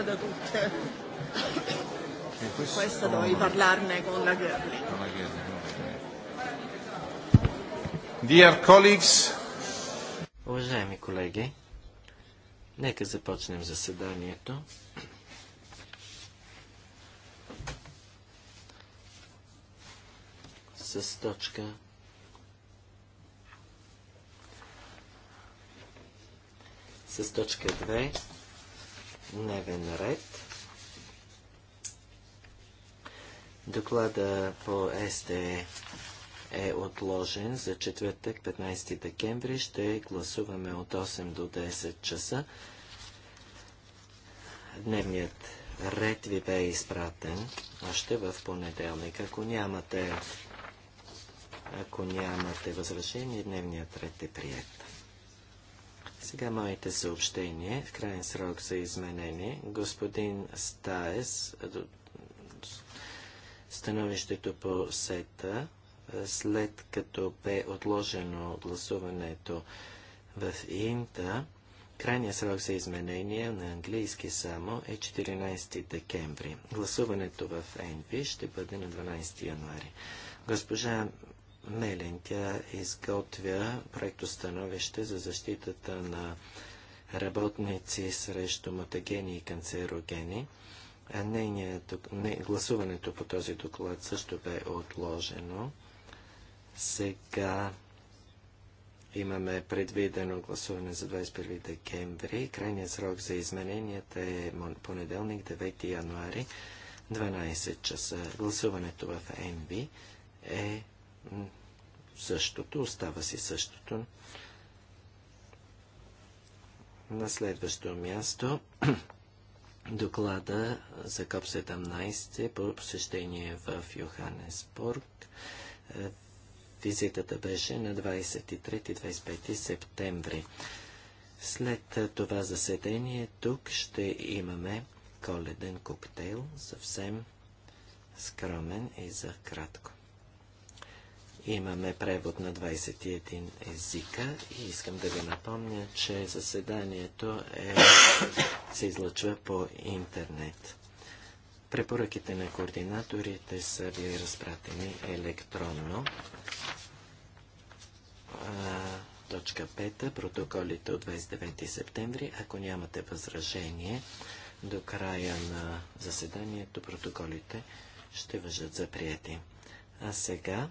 da tutte. Questo, questo dovevi parlarne con la Gerling. Dear colleagues, Уважаеми колеги, нека започнем заседанието. С точка с точка 2 дневен ред. Доклада по СТЕ е отложен за четвъртък, 15 декември. Ще гласуваме от 8 до 10 часа. Дневният ред ви бе изпратен още в понеделник. Ако нямате, ако нямате възражение, дневният ред е прият. Сега моите съобщения. В крайен срок за изменение. Господин Стаес, становището по сета, след като бе отложено гласуването в Инта, крайният срок за изменение на английски само е 14 декември. Гласуването в Енви ще бъде на 12 януари. Госпожа Мелен Тя изготвя проектостановище за защитата на работници срещу мутагени и канцерогени. А нейният, не, гласуването по този доклад също бе отложено. Сега имаме предвидено гласуване за 21 декември. Крайният срок за измененията е понеделник 9 януари 12 часа. Гласуването в ЕНВИ е същото, остава си същото. На следващо място доклада за КОП-17 е по посещение в Йоханесбург. Е, визитата беше на 23-25 септември. След това заседение тук ще имаме коледен коктейл, съвсем скромен и за кратко. Имаме превод на 21 езика и искам да ви напомня, че заседанието е, се излъчва по интернет. Препоръките на координаторите са ви разпратени електронно. А, точка 5. Протоколите от 29 септември. Ако нямате възражение, до края на заседанието протоколите ще въжат за прияти. А сега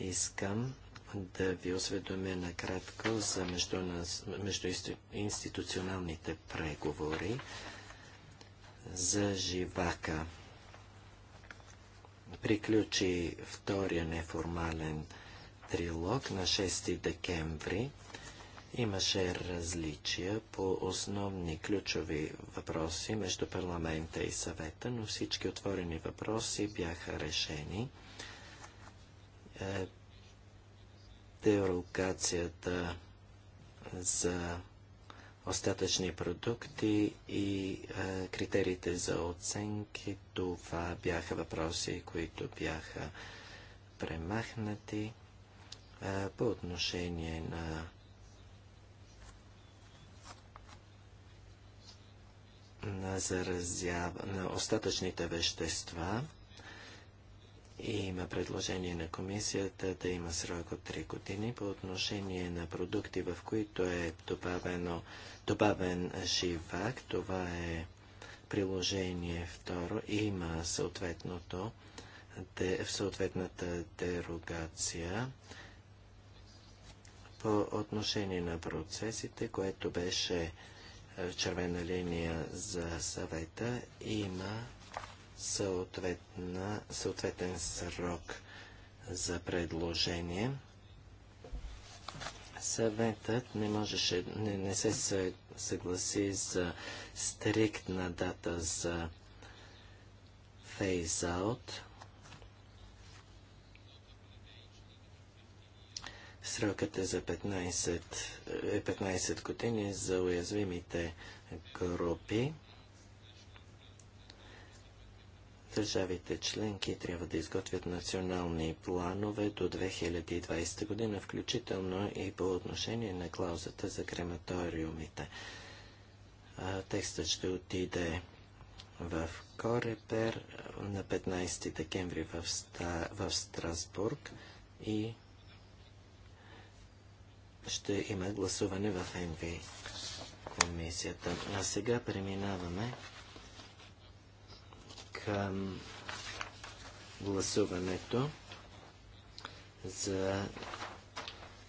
Искам да ви осведомя накратко за междуинституционалните преговори за живака. Приключи втория неформален трилог на 6 декември. Имаше различия по основни ключови въпроси между парламента и съвета, но всички отворени въпроси бяха решени. Е, дерогацията за остатъчни продукти и е, критериите за оценки. Това бяха въпроси, които бяха премахнати е, по отношение на на, на остатъчните вещества. И има предложение на комисията да има срок от 3 години по отношение на продукти, в които е добавено, добавен живак. Това е приложение второ. Има съответното, де, съответната дерогация по отношение на процесите, което беше е, червена линия за съвета. Има съответен срок за предложение. Съветът не, можеше, не, не се съгласи за стриктна дата за фейзаут. Срокът е за 15, 15 е години за уязвимите групи. Държавите членки трябва да изготвят национални планове до 2020 година, включително и по отношение на клаузата за крематориумите. текстът ще отиде в Корепер на 15 декември в, в Страсбург и ще има гласуване в НВ комисията. А сега преминаваме към гласуването за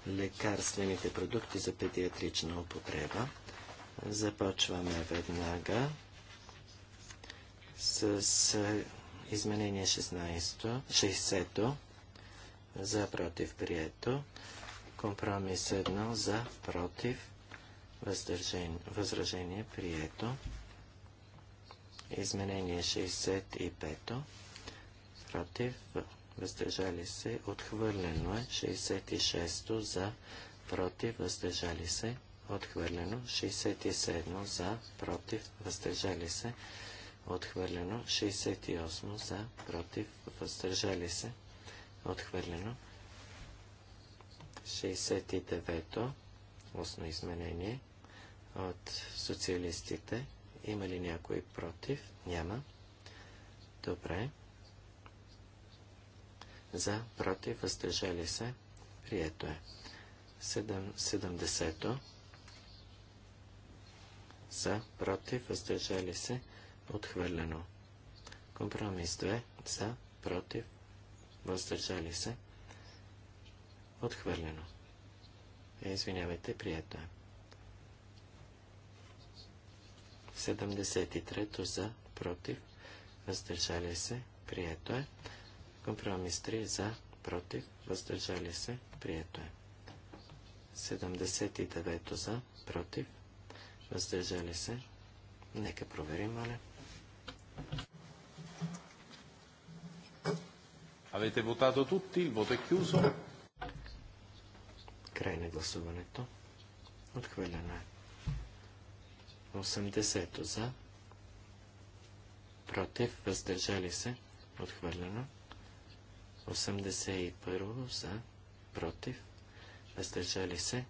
лекарствените продукти за педиатрична употреба. Започваме веднага с изменение 16, 60 за против прието, компромис 1 за против възражение прието. Изменение 65-то. Против. Въздържали се. Отхвърлено е. 66-то за. Против. Въздържали се. Отхвърлено. 67 за. Против. Въздържали се. Отхвърлено. 68 за. Против. Въздържали се. Отхвърлено. 69-то. Осно изменение от социалистите. Има ли някой против? Няма. Добре. За, против, въздържали се. Прието е. 70-то. За, против, въздържали се. Отхвърлено. Компромис 2. За, против, въздържали се. Отхвърлено. Е, извинявайте, прието е. 73 за, против, въздържали се, прието е. Компромис 3 за, против, въздържали се, прието е. 79 за, против, въздържали се. Нека проверим, моля. Авете votato tutti, il кюзо. Край на гласуването. Отхвърлено е. 80 за, против, въздържали се, отхвърлено. 81 за, против, въздържали се,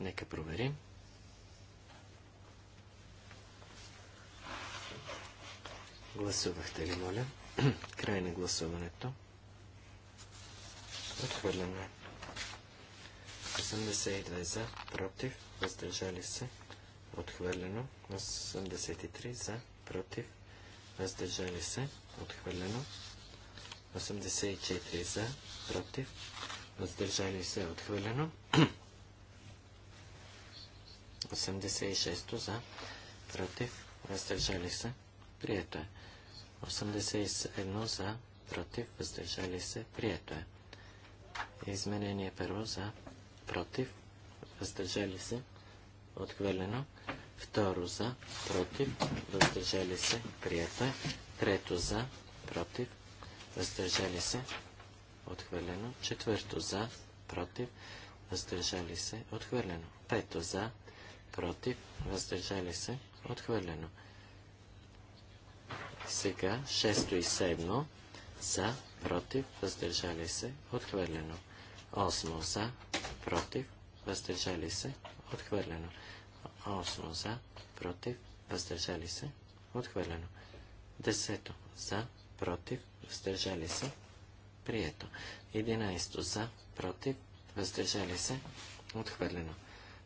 нека проверим. Гласувахте ли, моля? Край на гласуването. Отхвърляме. 82 за, против, въздържали се, отхвърлено. 83 за, против, въздържали се, отхвърлено. 84 за, против, въздържали се, отхвърлено. 86 за, против, въздържали се, прието е. 81 за, против, въздържали се, прието е. Изменение първо за, против, въздържали се, Отхвърлено. Второ за, против, въздържали се, прието е. Трето за, против, въздържали се, отхвърлено. Четвърто за, против, въздържали се, отхвърлено. Пето за, против, въздържали се, отхвърлено. Сега шесто и седмо за, против, въздържали се, отхвърлено. Осмо за, против, въздържали се, отхвърлено. 8 за, против, въздържали се, отхвърлено. 10 за, против, въздържали се, прието. 11 за, против, въздържали се, отхвърлено.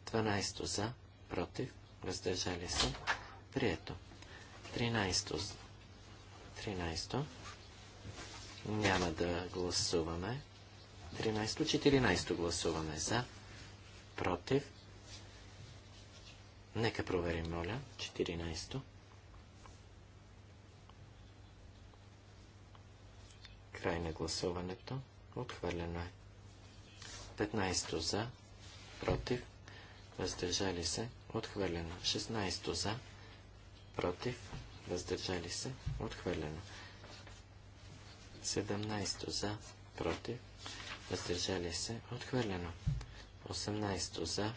12 за, против, въздържали се, прието. 13 13 няма да гласуваме. 13 14 гласуваме за, против, Нека проверим, моля. 14-то. Край на гласуването. Отхвърлено е. 15 за, против, въздържали се, отхвърлено. 16 за, против, въздържали се, отхвърлено. 17 за, против, въздържали се, отхвърлено. 18 за,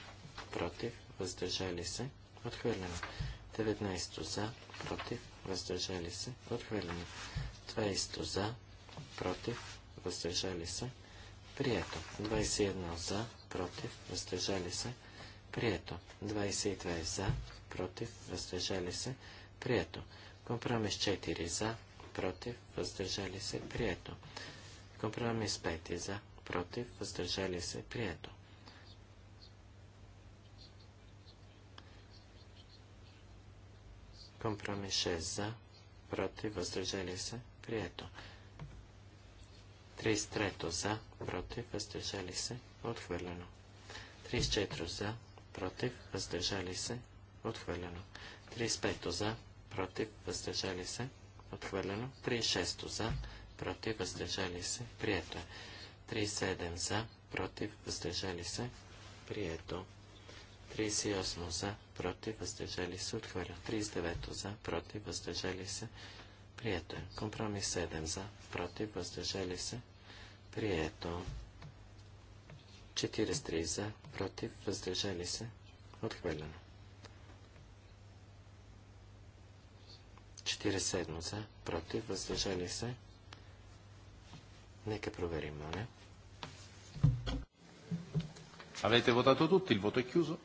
против, въздържали се, отхвърлено. 19 за, против, въздържали се, отхвърлено. 20 за, против, въздържали се, прието. 21 за, против, въздържали се, прието. 22 за, против, въздържали се, прието. Компромис 4 за, против, въздържали се, прието. Компромис 5 за, против, въздържали се, прието. Компромис 6 за, против, въздържали се, прието. 33 за, против, въздържали се, отхвърлено. 34 за, против, въздържали се, отхвърлено. 35 за, против, въздържали се, отхвърлено. 36 за, против, въздържали се, прието. 37 за, против, въздържали се, прието. 38 за, против, въздържали се, отхвърля. 39 за, против, въздържали се, прието е. Компромис 7 за, против, въздържали се, прието. 43 за, против, въздържали се, отхвърлено. 47 за, против, въздържали се. Нека проверим, моля. Avete votato tutti, il voto è chiuso.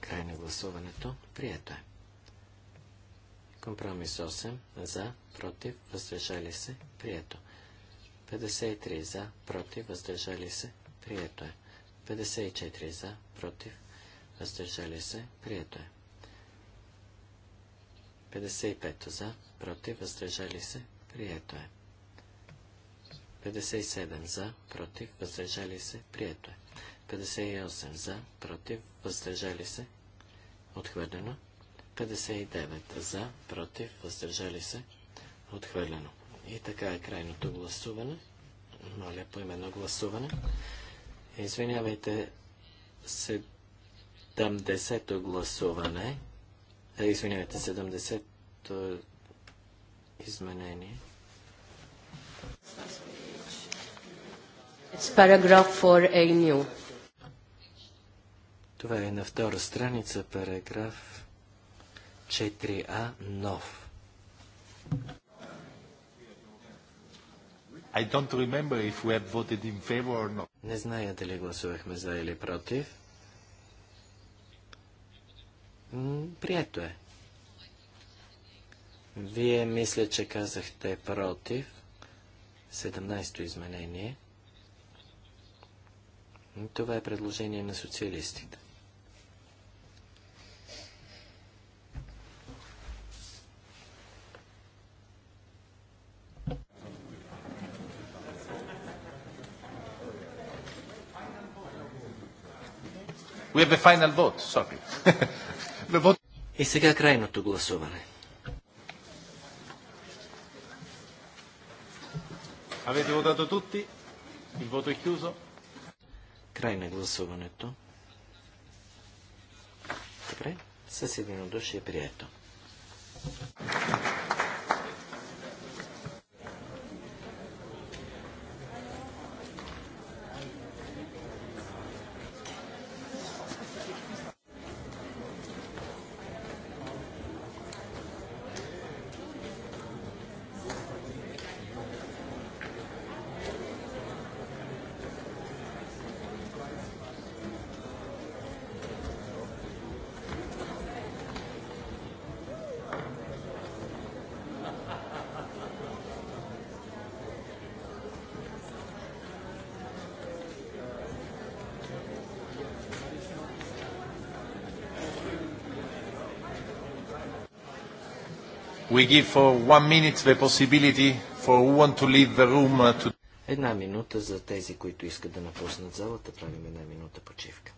Край на гласуването. Прието е. Компромис 8. За, против, въздържали се. Прието. 53 за, против, въздържали се. Прието е. 54 за, против, въздържали се. Прието е. 55 за, против, въздържали се. Прието е. 57 за, против, въздържали се. Прието е. 58 за, против, въздържали се, отхвърлено. 59 за, против, въздържали се, отхвърлено. И така е крайното гласуване. Моля по именно гласуване. Извинявайте, 70-то гласуване. Е, извинявайте, 70-то изменение. It's paragraph 4A new. Това е на втора страница, параграф 4а, нов. I don't remember if we have voted in favor or not. Не зная дали гласувахме за или против. М прието е. Вие мисля, че казахте против. 17-то изменение. Това е предложение на социалистите. We have a final vote, sorry. the vote... И сега крайното гласуване. Avete votato tutti? Il voto è chiuso? Край на гласуването. Добре, с единодушие прието. we give for one minute the possibility for who want to leave the room uh, to... Една минута за тези, които искат да напуснат залата. Правим една минута почивка.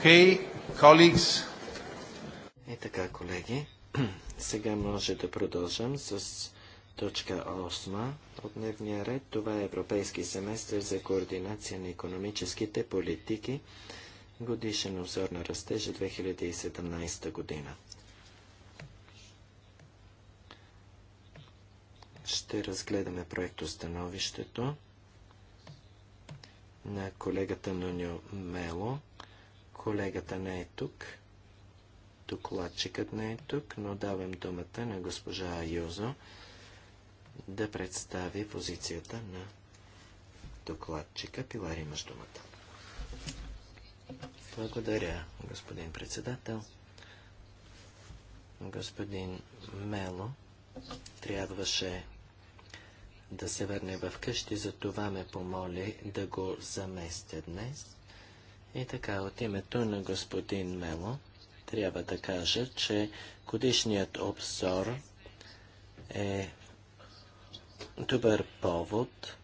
Okay, colleagues. И така, колеги, сега може да продължим с точка 8 от дневния ред. Това е Европейски семестър за координация на економическите политики, годишен обзор на растежа 2017 година. Ще разгледаме проекто становището на колегата Нуньо Мело – Колегата не е тук. Докладчикът не е тук, но давам думата на госпожа Айозо да представи позицията на докладчика. Пилар, имаш думата. Благодаря, господин председател. Господин Мело трябваше да се върне в къщи, за това ме помоли да го заместя днес. И така, от името на господин Мело трябва да кажа, че годишният обзор е добър повод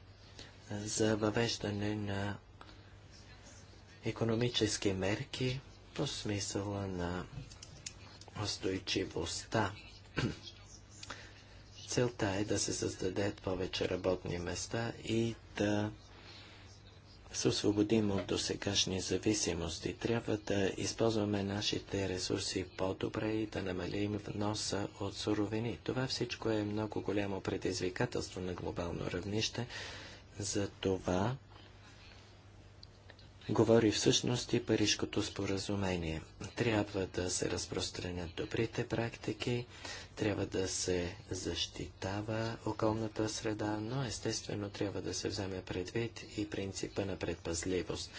за въвеждане на економически мерки по смисъла на устойчивостта. Целта е да се създадат повече работни места и да се освободим от досегашни зависимости. Трябва да използваме нашите ресурси по-добре и да намалим вноса от суровини. Това всичко е много голямо предизвикателство на глобално равнище. За това говори всъщност и Парижкото споразумение. Трябва да се разпространят добрите практики, трябва да се защитава околната среда, но естествено трябва да се вземе предвид и принципа на предпазливост.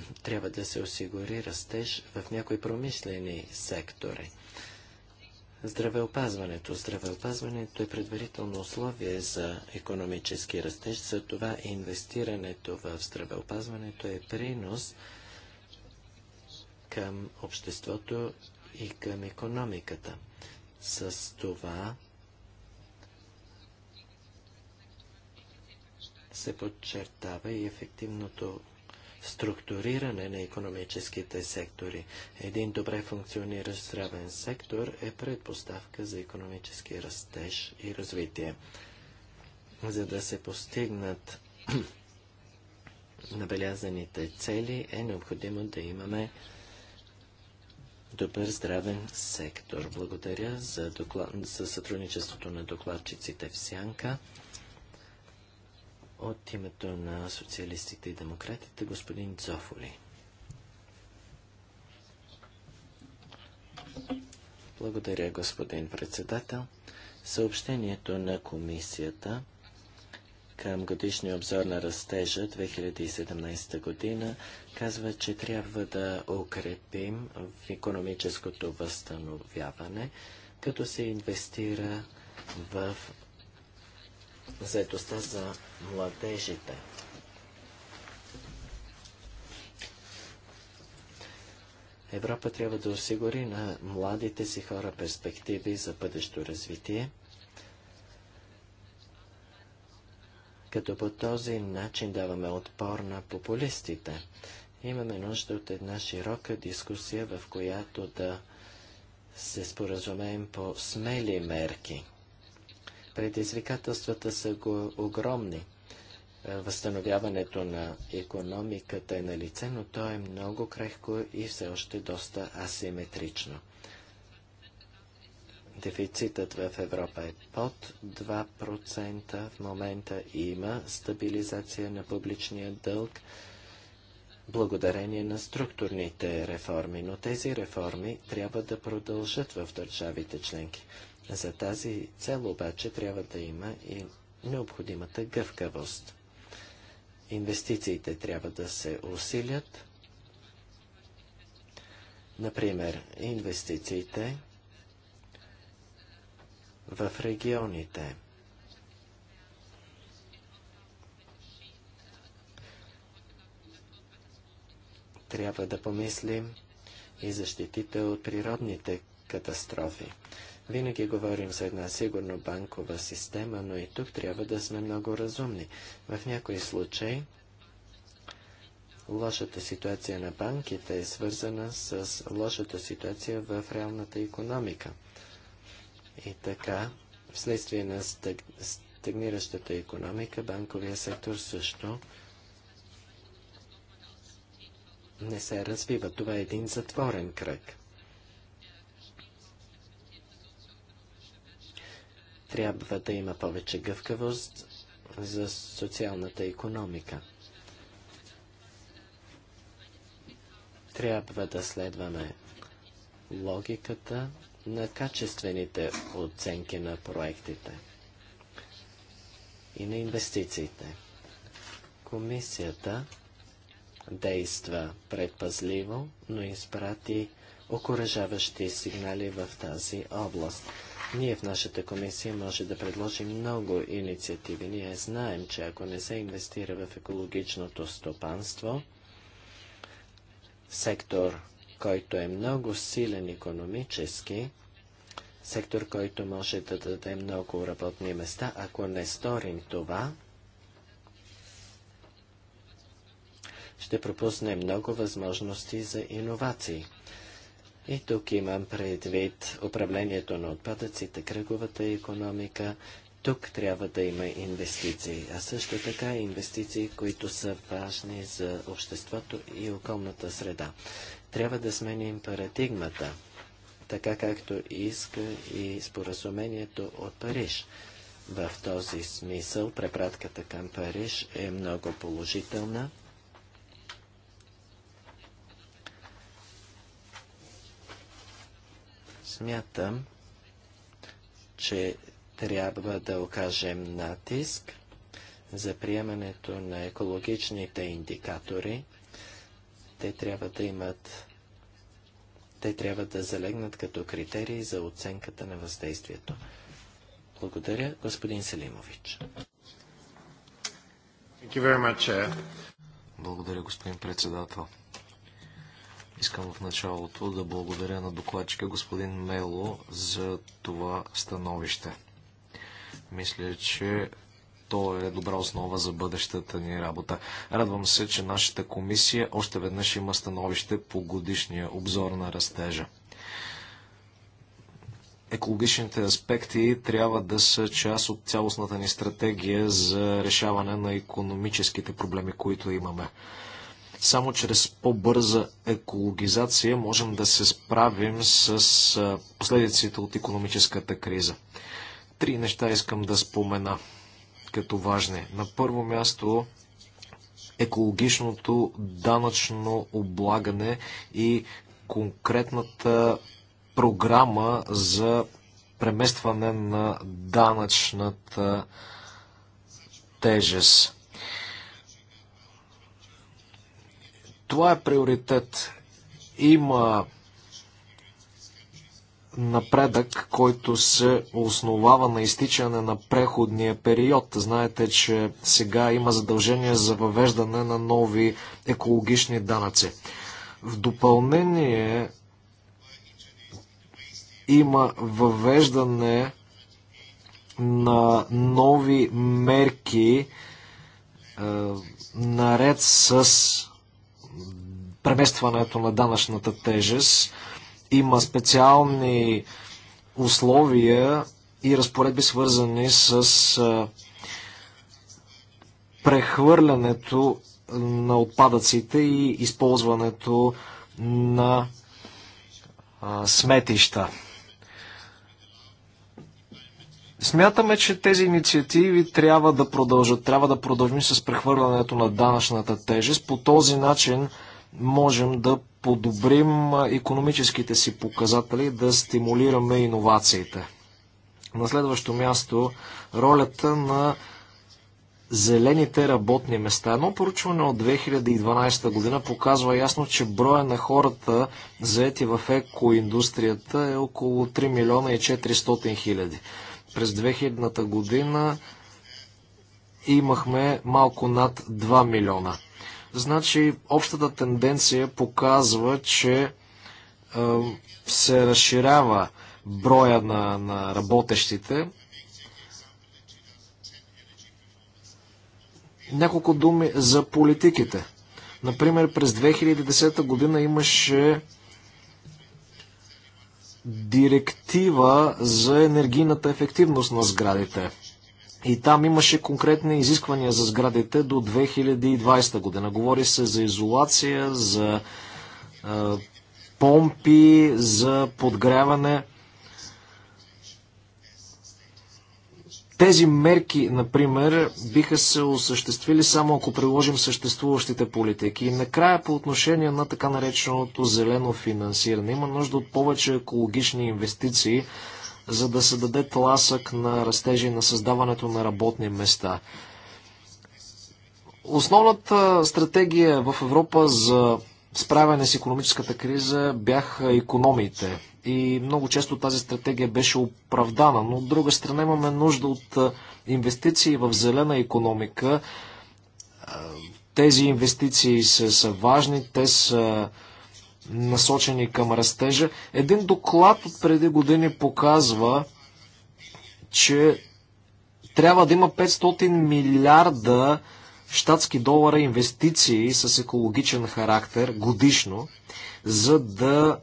трябва да се осигури растеж в някои промишлени сектори. Здравеопазването. Здравеопазването е предварително условие за економически растеж, за това инвестирането в здравеопазването е принос към обществото и към економиката. С това се подчертава и ефективното структуриране на економическите сектори. Един добре функциониращ здравен сектор е предпоставка за економически растеж и развитие. За да се постигнат набелязаните цели, е необходимо да имаме добър здравен сектор. Благодаря за, доклад... за сътрудничеството на докладчиците в Сянка. От името на социалистите и демократите, господин Цофоли. Благодаря, господин председател. Съобщението на комисията към годишния обзор на растежа 2017 година казва, че трябва да укрепим в економическото възстановяване, като се инвестира в заедостта за младежите. Европа трябва да осигури на младите си хора перспективи за бъдещо развитие, като по този начин даваме отпор на популистите. Имаме нужда от една широка дискусия, в която да се споразумеем по смели мерки – Предизвикателствата са го огромни. Е, възстановяването на економиката е на лице, но то е много крехко и все още доста асиметрично. Дефицитът в Европа е под 2%. В момента има стабилизация на публичния дълг благодарение на структурните реформи, но тези реформи трябва да продължат в държавите членки. За тази цел обаче трябва да има и необходимата гъвкавост. Инвестициите трябва да се усилят. Например, инвестициите в регионите. Трябва да помислим и защитите от природните катастрофи. Винаги говорим за една сигурно банкова система, но и тук трябва да сме много разумни. В някои случаи лошата ситуация на банките е свързана с лошата ситуация в реалната економика. И така, вследствие на стаг... стагниращата економика, банковия сектор също не се развива. Това е един затворен кръг. Трябва да има повече гъвкавост за социалната економика. Трябва да следваме логиката на качествените оценки на проектите и на инвестициите. Комисията действа предпазливо, но изпрати окоръжаващи сигнали в тази област. Ние в нашата комисия може да предложим много инициативи. Ние знаем, че ако не се инвестира в екологичното стопанство, сектор, който е много силен економически, сектор, който може да даде много работни места, ако не сторим това, ще пропусне много възможности за иновации. И тук имам предвид управлението на отпадъците, кръговата економика. Тук трябва да има инвестиции, а също така инвестиции, които са важни за обществото и околната среда. Трябва да сменим парадигмата, така както иска и споразумението от Париж. В този смисъл препратката към Париж е много положителна. смятам, че трябва да окажем натиск за приемането на екологичните индикатори. Те трябва да имат те трябва да залегнат като критерии за оценката на въздействието. Благодаря, господин Селимович. Благодаря, господин председател. Искам в началото да благодаря на докладчика господин Мело за това становище. Мисля, че то е добра основа за бъдещата ни работа. Радвам се, че нашата комисия още веднъж има становище по годишния обзор на растежа. Екологичните аспекти трябва да са част от цялостната ни стратегия за решаване на економическите проблеми, които имаме. Само чрез по-бърза екологизация можем да се справим с последиците от економическата криза. Три неща искам да спомена като важни. На първо място екологичното данъчно облагане и конкретната програма за преместване на данъчната тежест. Това е приоритет. Има напредък, който се основава на изтичане на преходния период. Знаете, че сега има задължение за въвеждане на нови екологични данъци. В допълнение има въвеждане на нови мерки е, наред с преместването на данъчната тежест. Има специални условия и разпоредби свързани с прехвърлянето на отпадъците и използването на сметища. Смятаме, че тези инициативи трябва да продължат. Трябва да продължим с прехвърлянето на данъчната тежест. По този начин можем да подобрим економическите си показатели, да стимулираме иновациите. На следващо място, ролята на зелените работни места. Едно поручване от 2012 година показва ясно, че броя на хората заети в екоиндустрията е около 3 милиона и 400 хиляди. През 2000 година имахме малко над 2 милиона. Значи, общата тенденция показва, че е, се разширява броя на, на работещите. Няколко думи за политиките. Например, през 2010 година имаше директива за енергийната ефективност на сградите. И там имаше конкретни изисквания за сградите до 2020 година. Говори се за изолация, за е, помпи, за подгряване. Тези мерки, например, биха се осъществили само ако приложим съществуващите политики. И накрая по отношение на така нареченото зелено финансиране. Има нужда от повече екологични инвестиции за да се даде тласък на растежи на създаването на работни места. Основната стратегия в Европа за справяне с економическата криза бяха економиите. И много често тази стратегия беше оправдана, но от друга страна имаме нужда от инвестиции в зелена економика. Тези инвестиции са, са важни, те са насочени към растежа. Един доклад от преди години показва, че трябва да има 500 милиарда щатски долара инвестиции с екологичен характер годишно, за да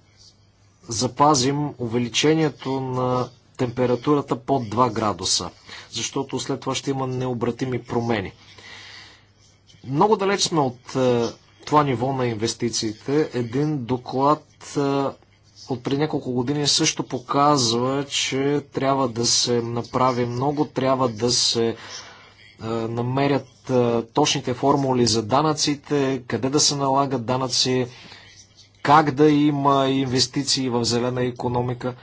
запазим увеличението на температурата под 2 градуса, защото след това ще има необратими промени. Много далеч сме от е, това ниво на инвестициите. Един доклад от преди няколко години също показва, че трябва да се направи много, трябва да се намерят точните формули за данъците, къде да се налагат данъци, как да има инвестиции в зелена економика.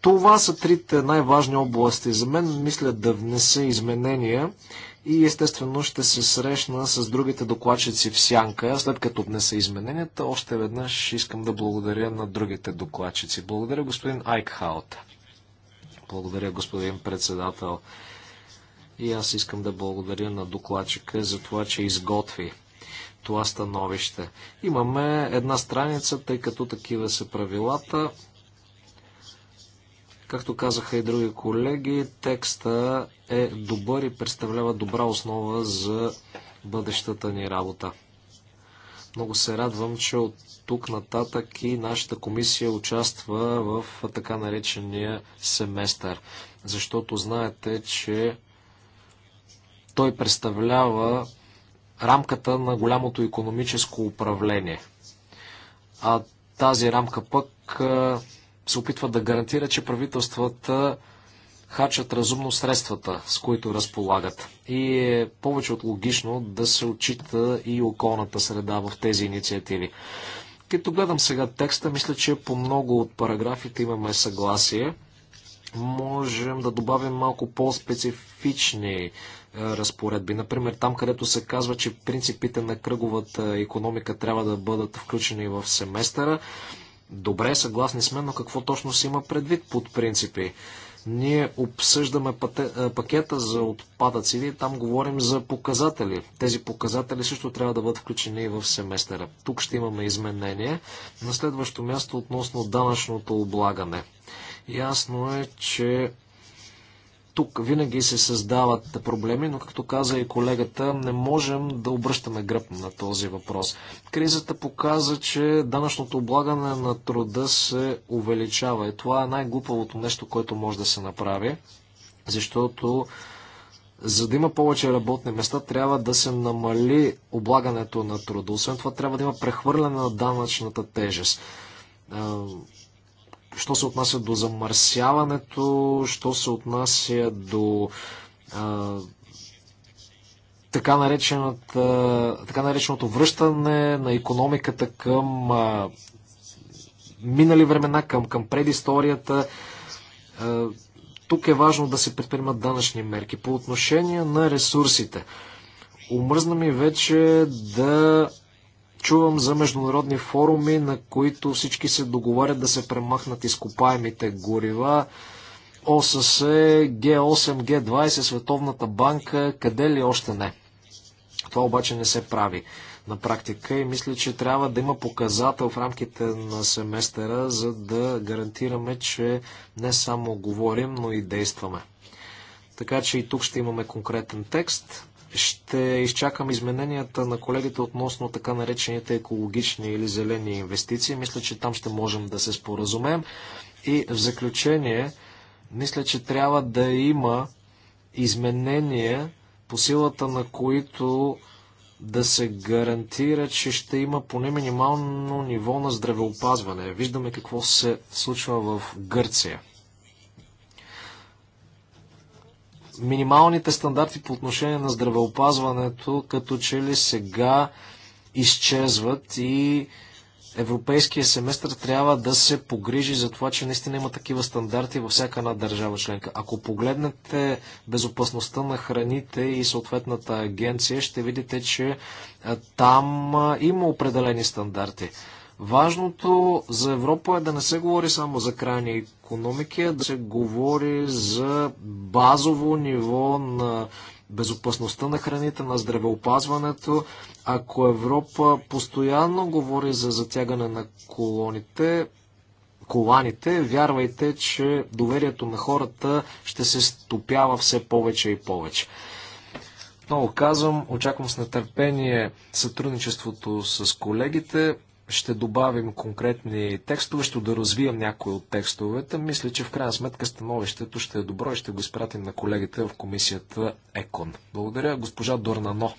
Това са трите най-важни области. За мен мисля да внесе изменения, и естествено ще се срещна с другите докладчици в Сянка, след като внеса измененията. Още веднъж искам да благодаря на другите докладчици. Благодаря господин Айкхаут. Благодаря господин председател. И аз искам да благодаря на докладчика за това, че изготви това становище. Имаме една страница, тъй като такива са правилата. Както казаха и други колеги, текста е добър и представлява добра основа за бъдещата ни работа. Много се радвам, че от тук нататък и нашата комисия участва в така наречения семестър, защото знаете, че той представлява рамката на голямото економическо управление. А тази рамка пък се опитва да гарантира, че правителствата хачат разумно средствата, с които разполагат. И е повече от логично да се отчита и околната среда в тези инициативи. Като гледам сега текста, мисля, че по много от параграфите имаме съгласие. Можем да добавим малко по-специфични е, разпоредби. Например, там, където се казва, че принципите на кръговата економика трябва да бъдат включени в семестъра, Добре, съгласни сме, но какво точно се има предвид под принципи? Ние обсъждаме пакета за отпадъци и там говорим за показатели. Тези показатели също трябва да бъдат включени и в семестъра. Тук ще имаме изменения. На следващо място относно данъчното облагане. Ясно е, че тук винаги се създават проблеми, но както каза и колегата, не можем да обръщаме гръб на този въпрос. Кризата показа, че данъчното облагане на труда се увеличава и това е най-глупавото нещо, което може да се направи, защото за да има повече работни места, трябва да се намали облагането на труда. Освен това, трябва да има прехвърляне на данъчната тежест що се отнася до замърсяването, що се отнася до а, така, така нареченото връщане на економиката към а, минали времена, към, към предисторията. А, тук е важно да се предприемат данъчни мерки. По отношение на ресурсите, умръзна ми вече да чувам за международни форуми, на които всички се договарят да се премахнат изкопаемите горива. ОСС, Г8, Г20, Световната банка, къде ли още не. Това обаче не се прави на практика и мисля, че трябва да има показател в рамките на семестъра, за да гарантираме, че не само говорим, но и действаме. Така че и тук ще имаме конкретен текст. Ще изчакам измененията на колегите относно така наречените екологични или зелени инвестиции. Мисля, че там ще можем да се споразумеем. И в заключение, мисля, че трябва да има изменения, по силата на които да се гарантира, че ще има поне минимално ниво на здравеопазване. Виждаме какво се случва в Гърция. минималните стандарти по отношение на здравеопазването като че ли сега изчезват и Европейския семестър трябва да се погрижи за това, че наистина има такива стандарти във всяка една държава членка. Ако погледнете безопасността на храните и съответната агенция, ще видите, че там има определени стандарти. Важното за Европа е да не се говори само за крайни економики, а да се говори за базово ниво на безопасността на храните, на здравеопазването. Ако Европа постоянно говори за затягане на колоните, коланите, вярвайте, че доверието на хората ще се стопява все повече и повече. Много казвам, очаквам с нетърпение сътрудничеството с колегите ще добавим конкретни текстове, ще да развием някои от текстовете. Мисля, че в крайна сметка становището ще е добро и ще го изпратим на колегите в комисията ЕКОН. Благодаря, госпожа Дорнано.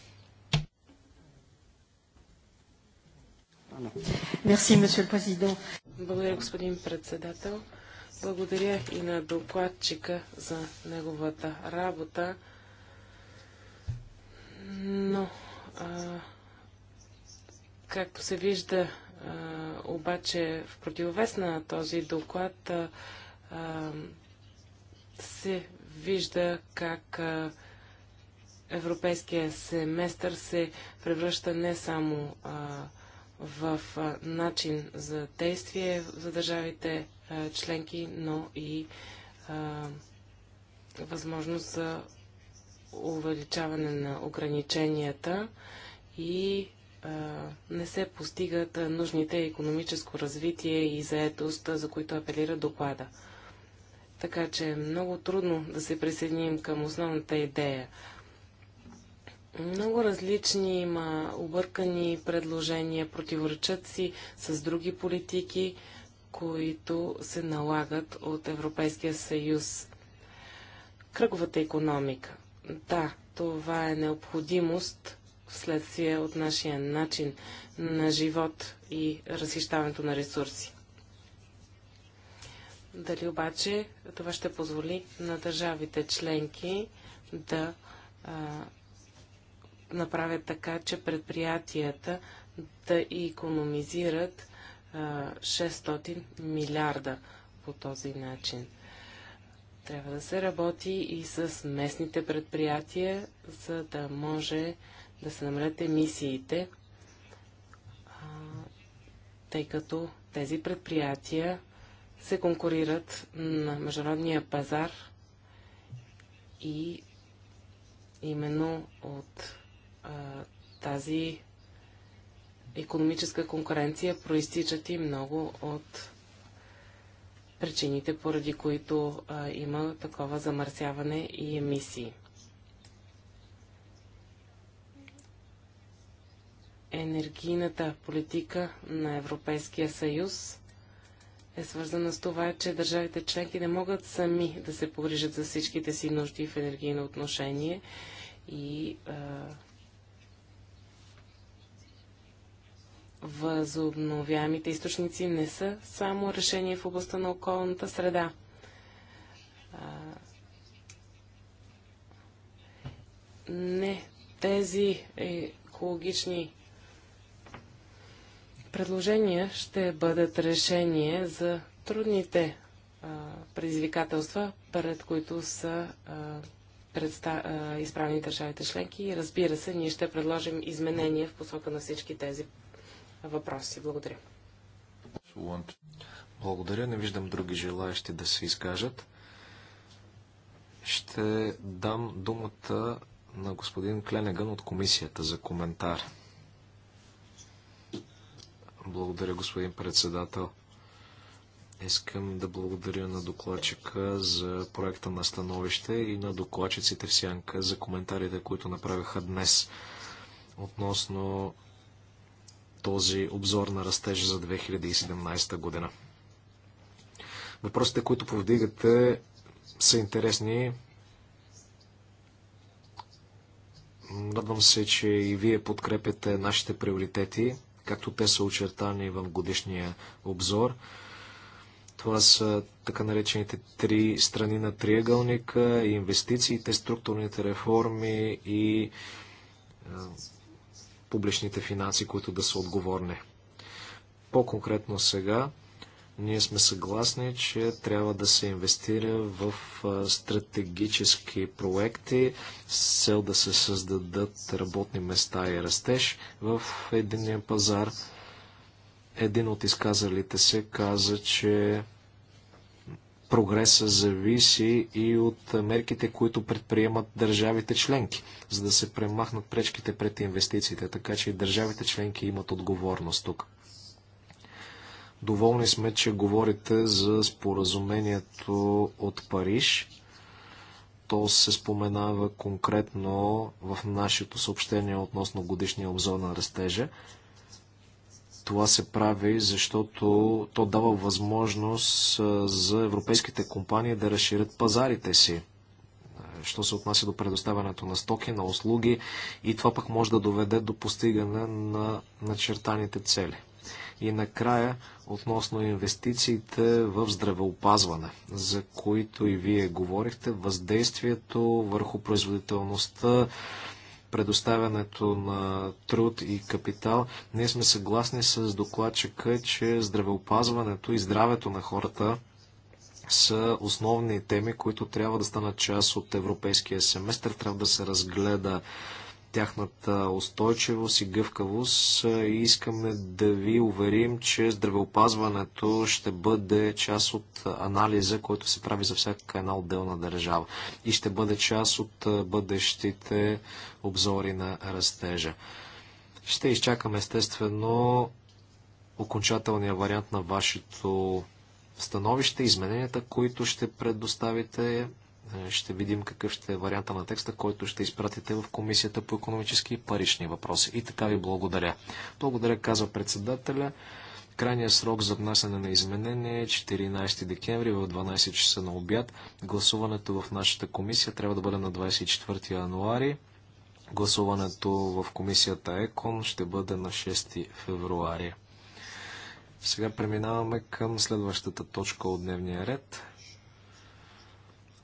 Благодаря, господин председател. Благодаря и на докладчика за неговата работа. Но а, Както се вижда, обаче в противовес на този доклад се вижда как европейския семестър се превръща не само в начин за действие за държавите членки, но и възможност за увеличаване на ограниченията и не се постигат нужните економическо развитие и заетост, за които апелира доклада. Така че е много трудно да се присъединим към основната идея. Много различни има объркани предложения, противоречат си с други политики, които се налагат от Европейския съюз. Кръговата економика. Да, това е необходимост следствие от нашия начин на живот и разхищаването на ресурси. Дали обаче това ще позволи на държавите членки да а, направят така, че предприятията да економизират а, 600 милиарда по този начин. Трябва да се работи и с местните предприятия, за да може да се намалят емисиите, тъй като тези предприятия се конкурират на международния пазар и именно от тази економическа конкуренция проистичат и много от причините, поради които а, има такова замърсяване и емисии. енергийната политика на Европейския съюз е свързана с това, че държавите членки не могат сами да се погрижат за всичките си нужди в енергийно отношение и а, възобновяемите източници не са само решение в областта на околната среда. А, не, тези екологични предложения ще бъдат решение за трудните а, предизвикателства, пред които са а, предста... а, изправени държавите членки. И разбира се, ние ще предложим изменения в посока на всички тези въпроси. Благодаря. Благодаря. Не виждам други желаящи да се изкажат. Ще дам думата на господин Кленеган от комисията за коментар. Благодаря, господин председател. Искам да благодаря на докладчика за проекта на становище и на докладчиците в Сянка за коментарите, които направиха днес относно този обзор на растеж за 2017 година. Въпросите, които повдигате, са интересни. Надвам се, че и вие подкрепяте нашите приоритети както те са очертани в годишния обзор. Това са така наречените три страни на триъгълника, инвестициите, структурните реформи и е, публичните финанси, които да са отговорни. По-конкретно сега ние сме съгласни, че трябва да се инвестира в стратегически проекти с цел да се създадат работни места и растеж в единния пазар. Един от изказалите се каза, че прогреса зависи и от мерките, които предприемат държавите членки, за да се премахнат пречките пред инвестициите, така че и държавите членки имат отговорност тук. Доволни сме, че говорите за споразумението от Париж. То се споменава конкретно в нашето съобщение относно годишния обзор на растежа. Това се прави, защото то дава възможност за европейските компании да разширят пазарите си що се отнася до предоставянето на стоки, на услуги и това пък може да доведе до постигане на начертаните цели. И накрая, относно инвестициите в здравеопазване, за които и вие говорихте, въздействието върху производителността, предоставянето на труд и капитал. Ние сме съгласни с докладчика, че здравеопазването и здравето на хората са основни теми, които трябва да станат част от европейския семестър. Трябва да се разгледа тяхната устойчивост и гъвкавост и искаме да ви уверим, че здравеопазването ще бъде част от анализа, който се прави за всяка една отделна държава и ще бъде част от бъдещите обзори на растежа. Ще изчакам естествено окончателния вариант на вашето становище, измененията, които ще предоставите ще видим какъв ще е варианта на текста, който ще изпратите в Комисията по економически и парични въпроси. И така ви благодаря. Благодаря, казва председателя. Крайният срок за внасяне на изменение е 14 декември в 12 часа на обяд. Гласуването в нашата комисия трябва да бъде на 24 януари. Гласуването в комисията ЕКОН ще бъде на 6 февруари. Сега преминаваме към следващата точка от дневния ред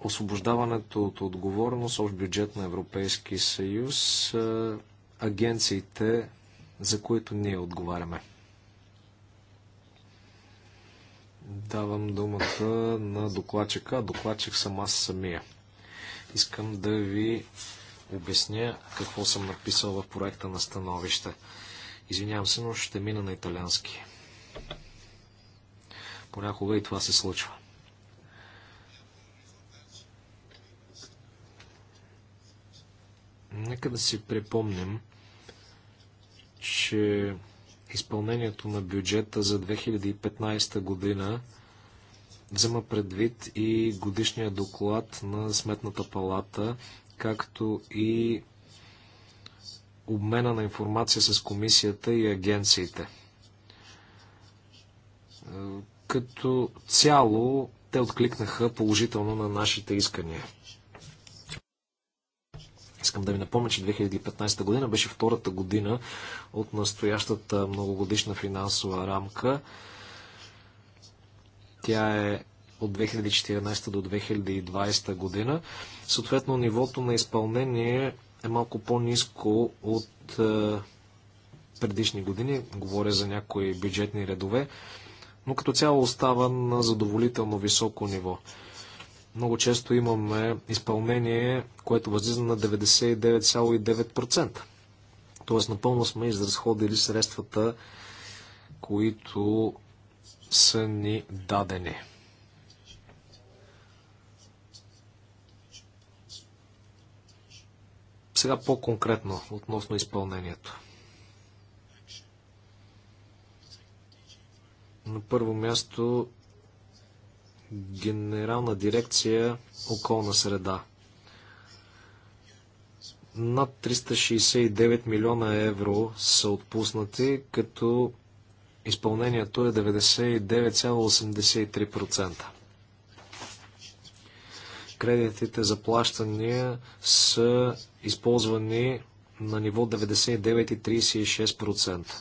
освобождаването от отговорност, общ бюджет на Европейски съюз, е, агенциите, за които ние отговаряме. Давам думата на докладчика. Докладчик съм аз самия. Искам да ви обясня какво съм написал в проекта на становище. Извинявам се, но ще мина на италиански. Понякога и това се случва. Нека да си припомним, че изпълнението на бюджета за 2015 година взема предвид и годишния доклад на Сметната палата, както и обмена на информация с комисията и агенциите. Като цяло, те откликнаха положително на нашите искания. Искам да ви напомня, че 2015 година беше втората година от настоящата многогодишна финансова рамка. Тя е от 2014 до 2020 година. Съответно, нивото на изпълнение е малко по-низко от е, предишни години. Говоря за някои бюджетни редове, но като цяло остава на задоволително високо ниво. Много често имаме изпълнение, което възлиза на 99,9%. Тоест напълно сме изразходили средствата, които са ни дадени. Сега по-конкретно относно изпълнението. На първо място Генерална дирекция околна среда. Над 369 милиона евро са отпуснати, като изпълнението е 99,83%. Кредитите за плащания са използвани на ниво 99,36%.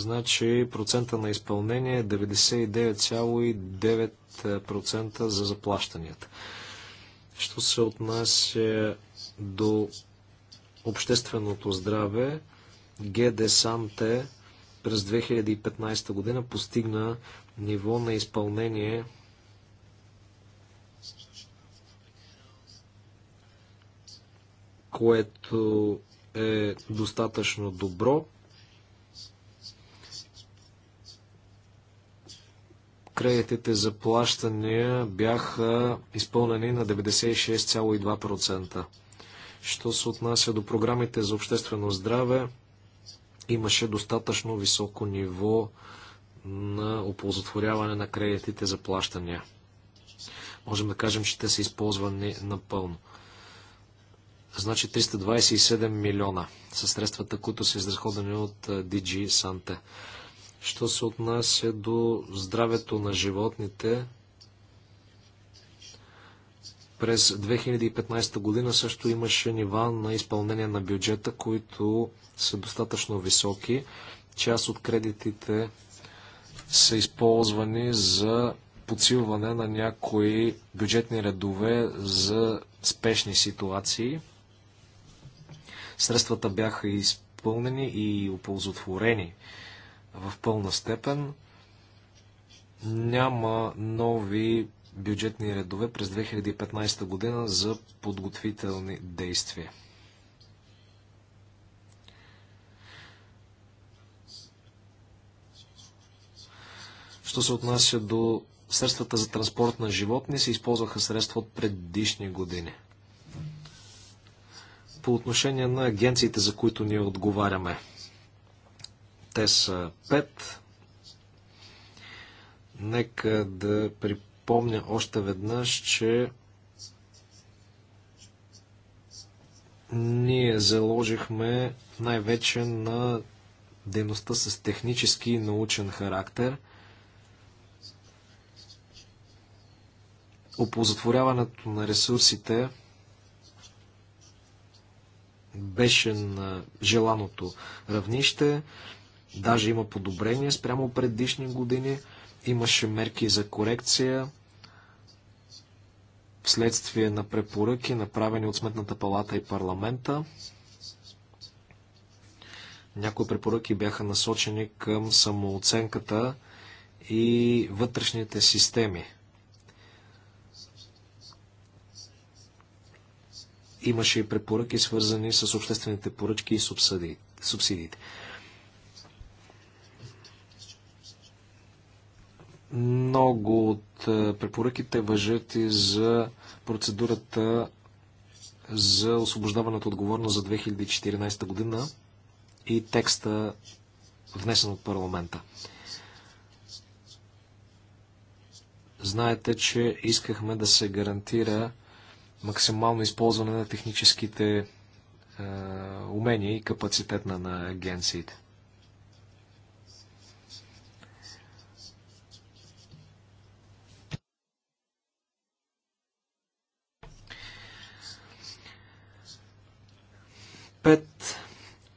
Значи процента на изпълнение е 99,9% за заплащанията. Що се отнася до общественото здраве, ГД Санте през 2015 година постигна ниво на изпълнение което е достатъчно добро. кредитите за плащания бяха изпълнени на 96,2%. Що се отнася до програмите за обществено здраве, имаше достатъчно високо ниво на оползотворяване на кредитите за плащания. Можем да кажем, че те са използвани напълно. Значи 327 милиона са средствата, които са изразходени от DG Санте. Що се отнася до здравето на животните, през 2015 година също имаше нива на изпълнение на бюджета, които са достатъчно високи. Част от кредитите са използвани за подсилване на някои бюджетни редове за спешни ситуации. Средствата бяха изпълнени и оползотворени в пълна степен. Няма нови бюджетни редове през 2015 година за подготвителни действия. Що се отнася до средствата за транспорт на животни, се използваха средства от предишни години. По отношение на агенциите, за които ние отговаряме, те са 5. Нека да припомня още веднъж, че ние заложихме най-вече на дейността с технически и научен характер. Опозатворяването на ресурсите беше на желаното равнище. Даже има подобрение спрямо предишни години. Имаше мерки за корекция вследствие на препоръки, направени от Сметната палата и парламента. Някои препоръки бяха насочени към самооценката и вътрешните системи. Имаше и препоръки, свързани с обществените поръчки и субсидиите. Много от е, препоръките въжат и за процедурата за освобождаването отговорност за 2014 година и текста внесен от парламента. Знаете, че искахме да се гарантира максимално използване на техническите е, умения и капацитет на, на агенциите. Пет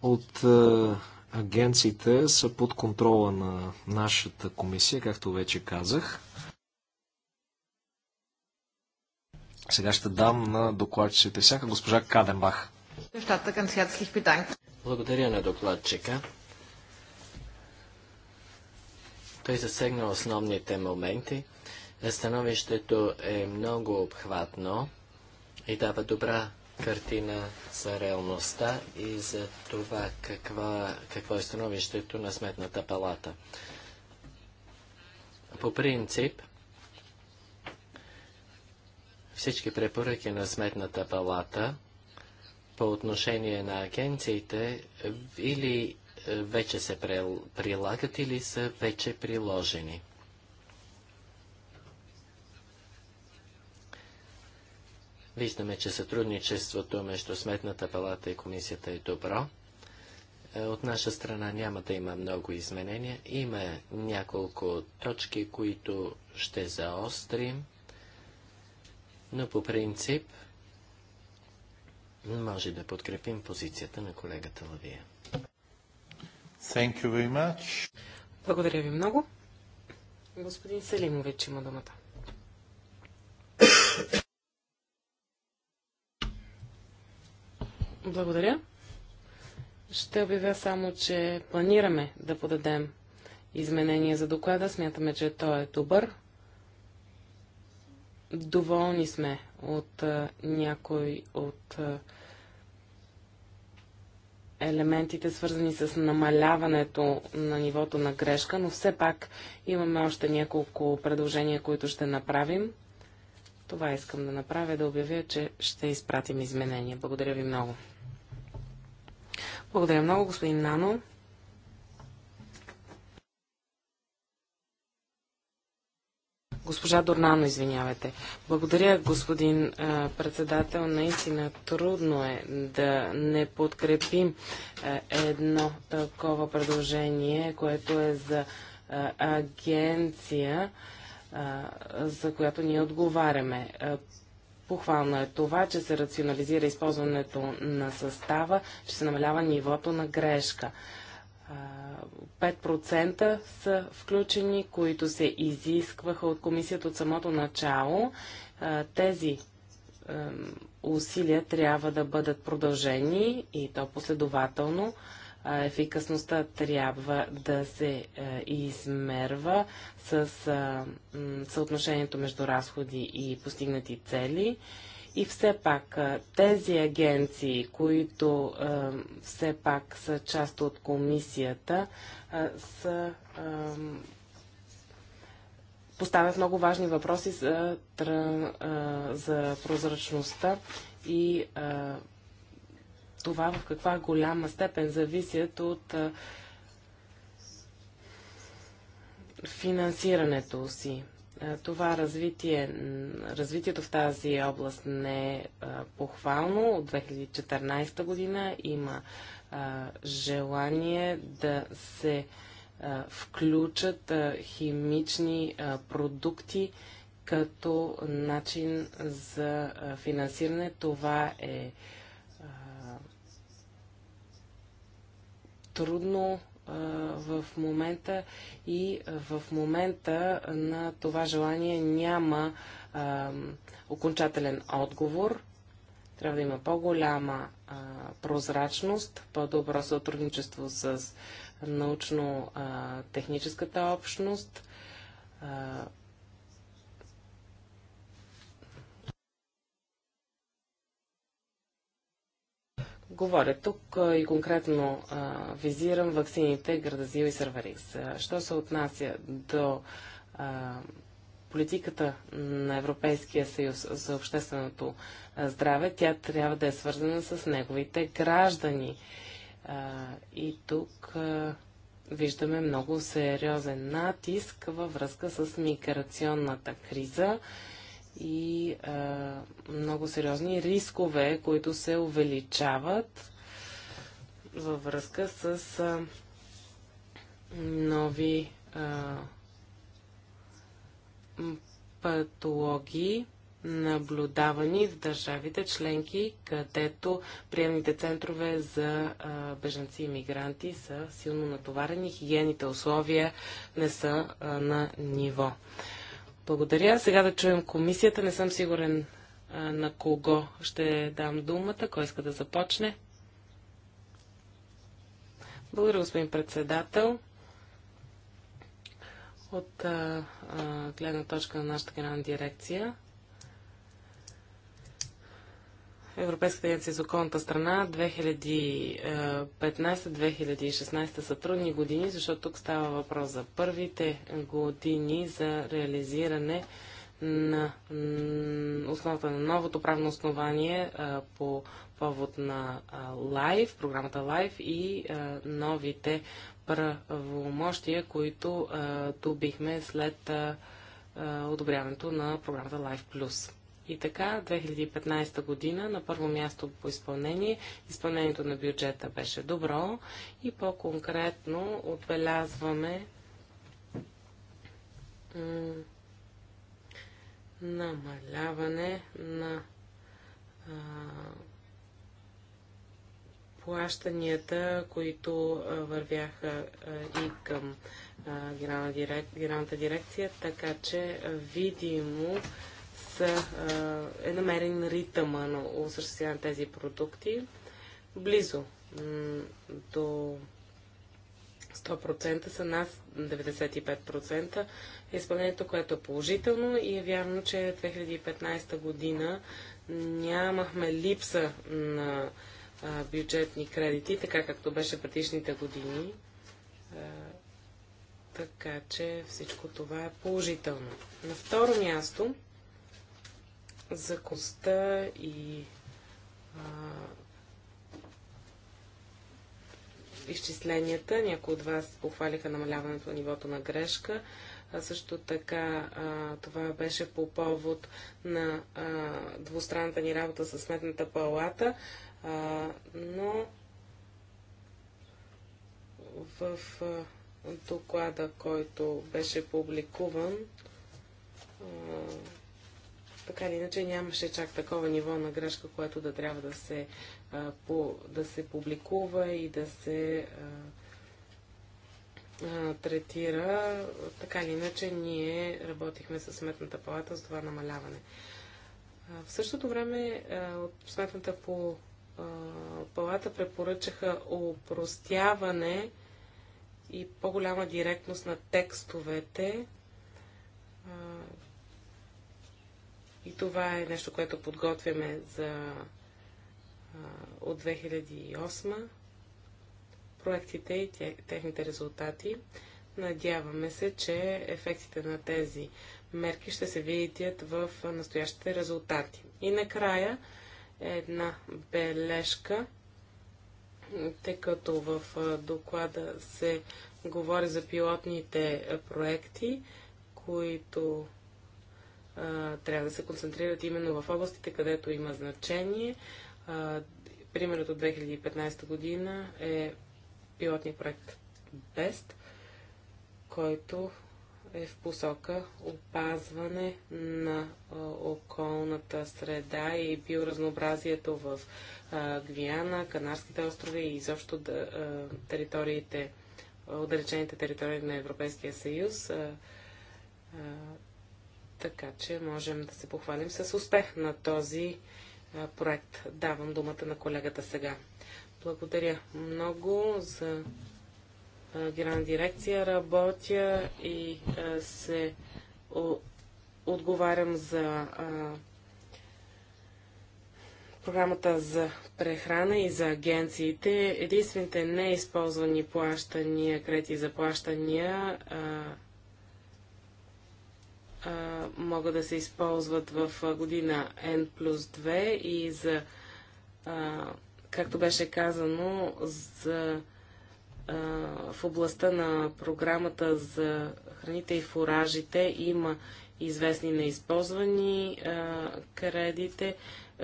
от е, агенциите са под контрола на нашата комисия, както вече казах. Сега ще дам на докладчиците всяка госпожа Каденбах. Благодаря на докладчика. Той засегна основните моменти. Становището е много обхватно и дава добра картина за реалността и за това каква, какво е становището на Сметната палата. По принцип, всички препоръки на Сметната палата по отношение на агенциите или е, вече се прилагат или са вече приложени. Виждаме, че сътрудничеството между Сметната палата и комисията е добро. Е, от наша страна няма да има много изменения. Има няколко точки, които ще заострим, но по принцип може да подкрепим позицията на колегата Лавия. Thank you very much. Благодаря ви много. Господин Селимович има думата. Благодаря. Ще обявя само, че планираме да подадем изменения за доклада. Смятаме, че той е добър. Доволни сме от а, някой от а, елементите, свързани с намаляването на нивото на грешка, но все пак имаме още няколко предложения, които ще направим. Това искам да направя, да обявя, че ще изпратим изменения. Благодаря ви много. Благодаря много, господин Нано. Госпожа Дорнано, извинявайте. Благодаря, господин а, председател. Наистина трудно е да не подкрепим а, едно такова предложение, което е за а, агенция, за която ние отговаряме. Похвално е това, че се рационализира използването на състава, че се намалява нивото на грешка. 5% са включени, които се изискваха от комисията от самото начало. Тези усилия трябва да бъдат продължени и то последователно ефикасността трябва да се е, измерва с съотношението между разходи и постигнати цели. И все пак тези агенции, които все пак са част от комисията, са, поставят много важни въпроси за, за прозрачността и това в каква голяма степен зависят от финансирането си. това развитие, развитието в тази област не е похвално. От 2014 година има желание да се включат химични продукти като начин за финансиране. Това е трудно в момента и в момента на това желание няма а, окончателен отговор. Трябва да има по-голяма прозрачност, по-добро сътрудничество с научно-техническата общност, Говоря тук и конкретно а, визирам ваксините Градазил и Серварис. Що се отнася до а, политиката на Европейския съюз за общественото здраве, тя трябва да е свързана с неговите граждани. А, и тук виждаме много сериозен натиск във връзка с миграционната криза и а, много сериозни рискове, които се увеличават във връзка с а, нови а, патологии, наблюдавани в държавите членки, където приемните центрове за а, бежанци и мигранти са силно натоварени, хигиените условия не са а, на ниво. Благодаря. Сега да чуем комисията. Не съм сигурен а, на кого ще дам думата. Кой иска да започне? Благодаря, господин председател. От а, а, гледна точка на нашата генерална дирекция Европейската агенция за околната страна 2015-2016 са трудни години, защото тук става въпрос за първите години за реализиране на основата на новото правно основание по повод на Лайв, програмата Лайв и новите правомощия, които добихме след одобряването на програмата Лайв Плюс. И така, 2015 година на първо място по изпълнение, изпълнението на бюджета беше добро и по-конкретно отбелязваме намаляване на а, плащанията, които а, вървяха а, и към генерална дирек, генералната дирекция, така че видимо са, е намерен ритъма на осъществяване на тези продукти близо до 100% са нас 95% е изпълнението, което е положително и е вярно, че 2015 година нямахме липса на а, бюджетни кредити, така както беше предишните години. А, така че всичко това е положително. На второ място за коста и а, изчисленията. Някои от вас похвалиха намаляването на нивото на грешка. А също така а, това беше по повод на а, двустранната ни работа с Сметната палата, а, но в а, доклада, който беше публикуван, а, така или иначе нямаше чак такова ниво на грешка, което да трябва да се, а, по, да се публикува и да се а, а, третира. Така или иначе ние работихме с Сметната палата с това намаляване. А, в същото време а, от Сметната по, а, палата препоръчаха опростяване и по-голяма директност на текстовете, И това е нещо, което подготвяме за, от 2008 проектите и техните резултати. Надяваме се, че ефектите на тези мерки ще се видят в настоящите резултати. И накрая една бележка, тъй като в доклада се говори за пилотните проекти, които трябва да се концентрират именно в областите, където има значение. примерът от 2015 година е пилотния проект BEST, който е в посока опазване на околната среда и биоразнообразието в Гвиана, Канарските острови и изобщо териториите, отдалечените територии на Европейския съюз. Така че можем да се похвалим с успех на този проект. Давам думата на колегата сега. Благодаря много за Геран дирекция. Работя и се отговарям за програмата за прехрана и за агенциите. Единствените неизползвани плащания, кредити за плащания могат да се използват в година N плюс 2 и за, както беше казано, за, в областта на програмата за храните и фуражите има известни неизползвани кредите,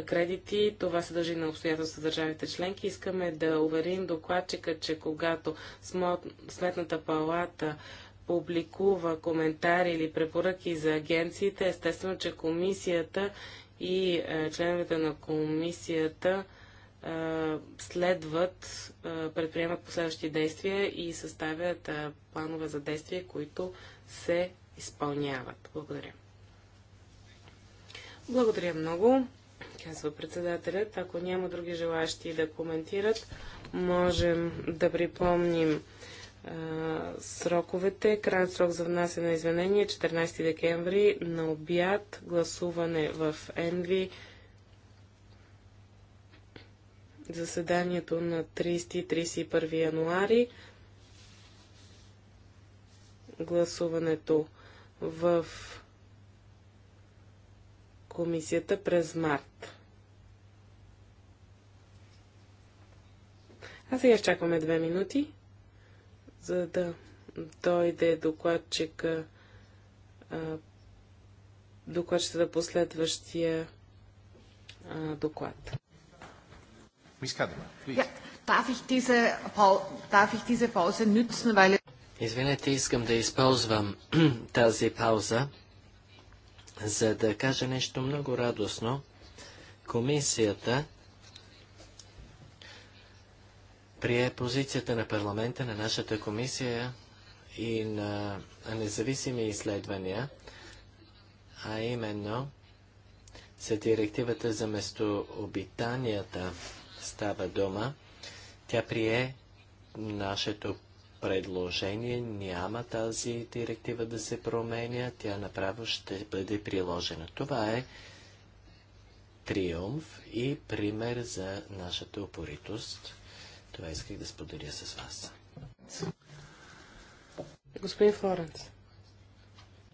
кредити. Това се дължи на обстоятелства държавите членки. Искаме да уверим докладчика, че когато Сметната палата публикува коментари или препоръки за агенциите, естествено, че комисията и е, членовете на комисията е, следват, е, предприемат последващи действия и съставят планове за действия, които се изпълняват. Благодаря. Благодаря много, казва председателят. Ако няма други желащи да коментират, можем да припомним сроковете. Крайен срок за внасяне на извинение 14 декември на обяд. Гласуване в Енви. Заседанието на 30-31 януари. Гласуването в комисията през март. А сега изчакваме две минути за да дойде докладчика, докладчета за последващия доклад. Извинете, искам да използвам тази пауза, за да кажа нещо много радостно. Комисията прие позицията на парламента, на нашата комисия и на независими изследвания, а именно за директивата за местообитанията става дума. Тя прие нашето предложение, няма тази директива да се променя, тя направо ще бъде приложена. Това е триумф и пример за нашата упоритост това исках да споделя с вас. Господин Флоренц.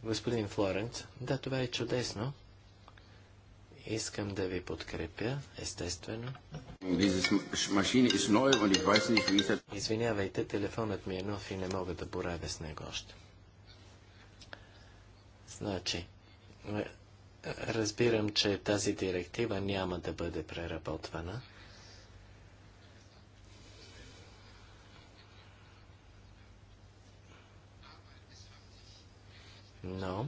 Господин Флоренц, да, това е чудесно. Искам да ви подкрепя, естествено. Извинявайте, телефонът ми е нов и не мога да боравя с него още. Значи, разбирам, че тази директива няма да бъде преработвана. но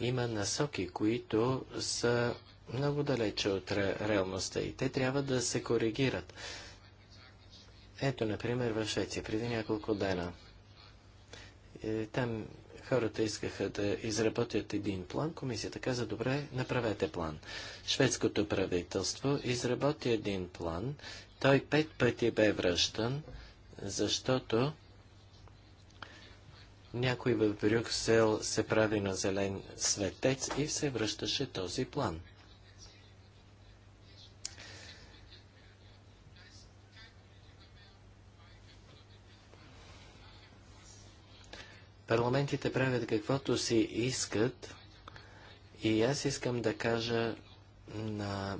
има насоки, които са много далече от ре, реалността и те трябва да се коригират. Ето, например, в Швеция, преди няколко дена. Е, там хората искаха да изработят един план. Комисията каза, добре, направете план. Шведското правителство изработи един план. Той пет пъти бе връщан, защото някой в Брюксел се прави на зелен светец и се връщаше този план. Парламентите правят каквото си искат и аз искам да кажа на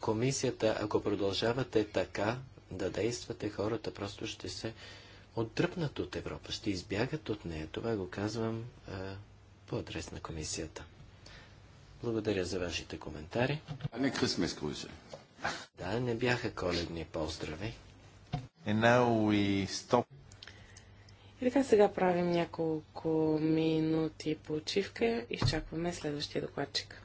комисията, ако продължавате така да действате, хората просто ще се отдръпнат от Европа, ще избягат от нея. Това го казвам а, по адрес на комисията. Благодаря за вашите коментари. А не Christmas cruise. Да, не бяха коледни поздрави. And now we stop. И така сега правим няколко минути почивка и изчакваме следващия докладчик.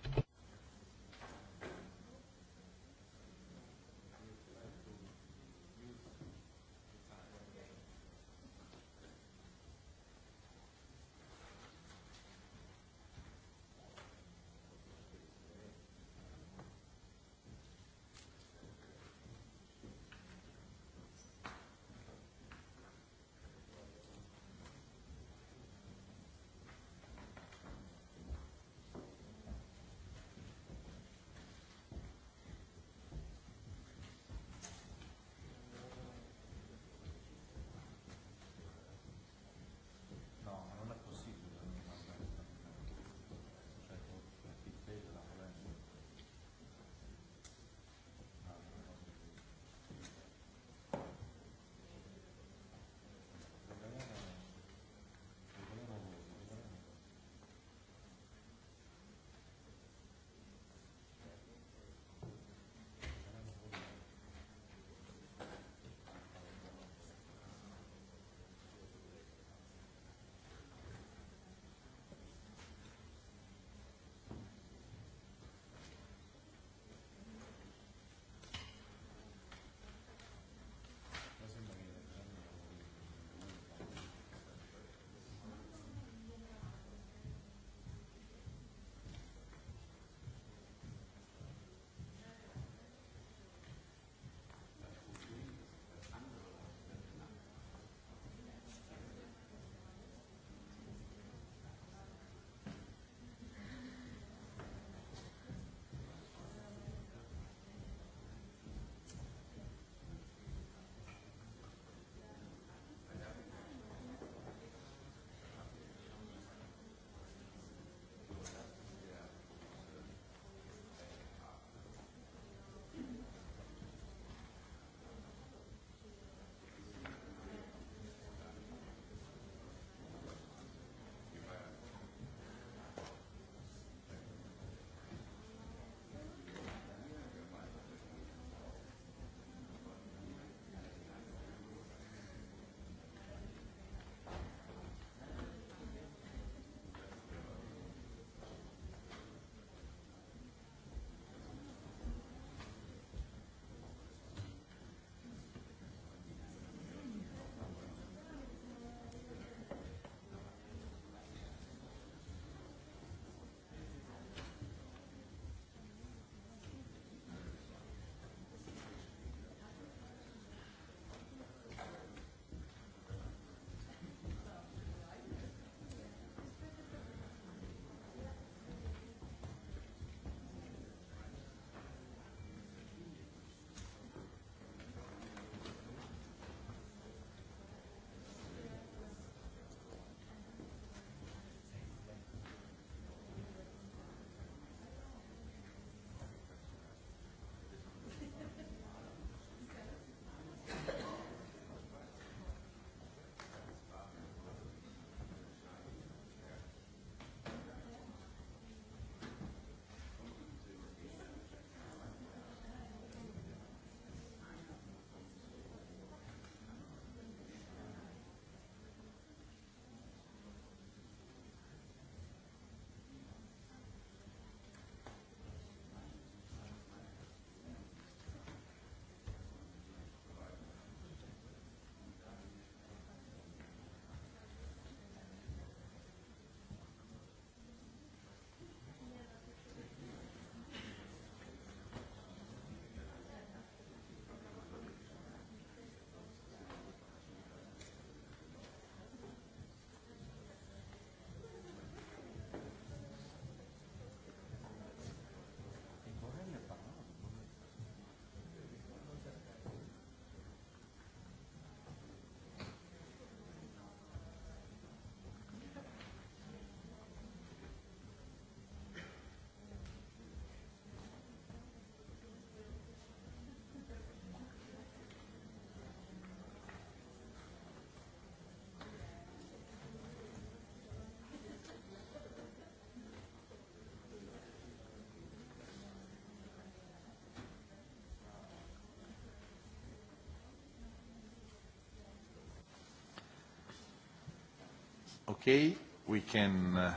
Okay, we can uh,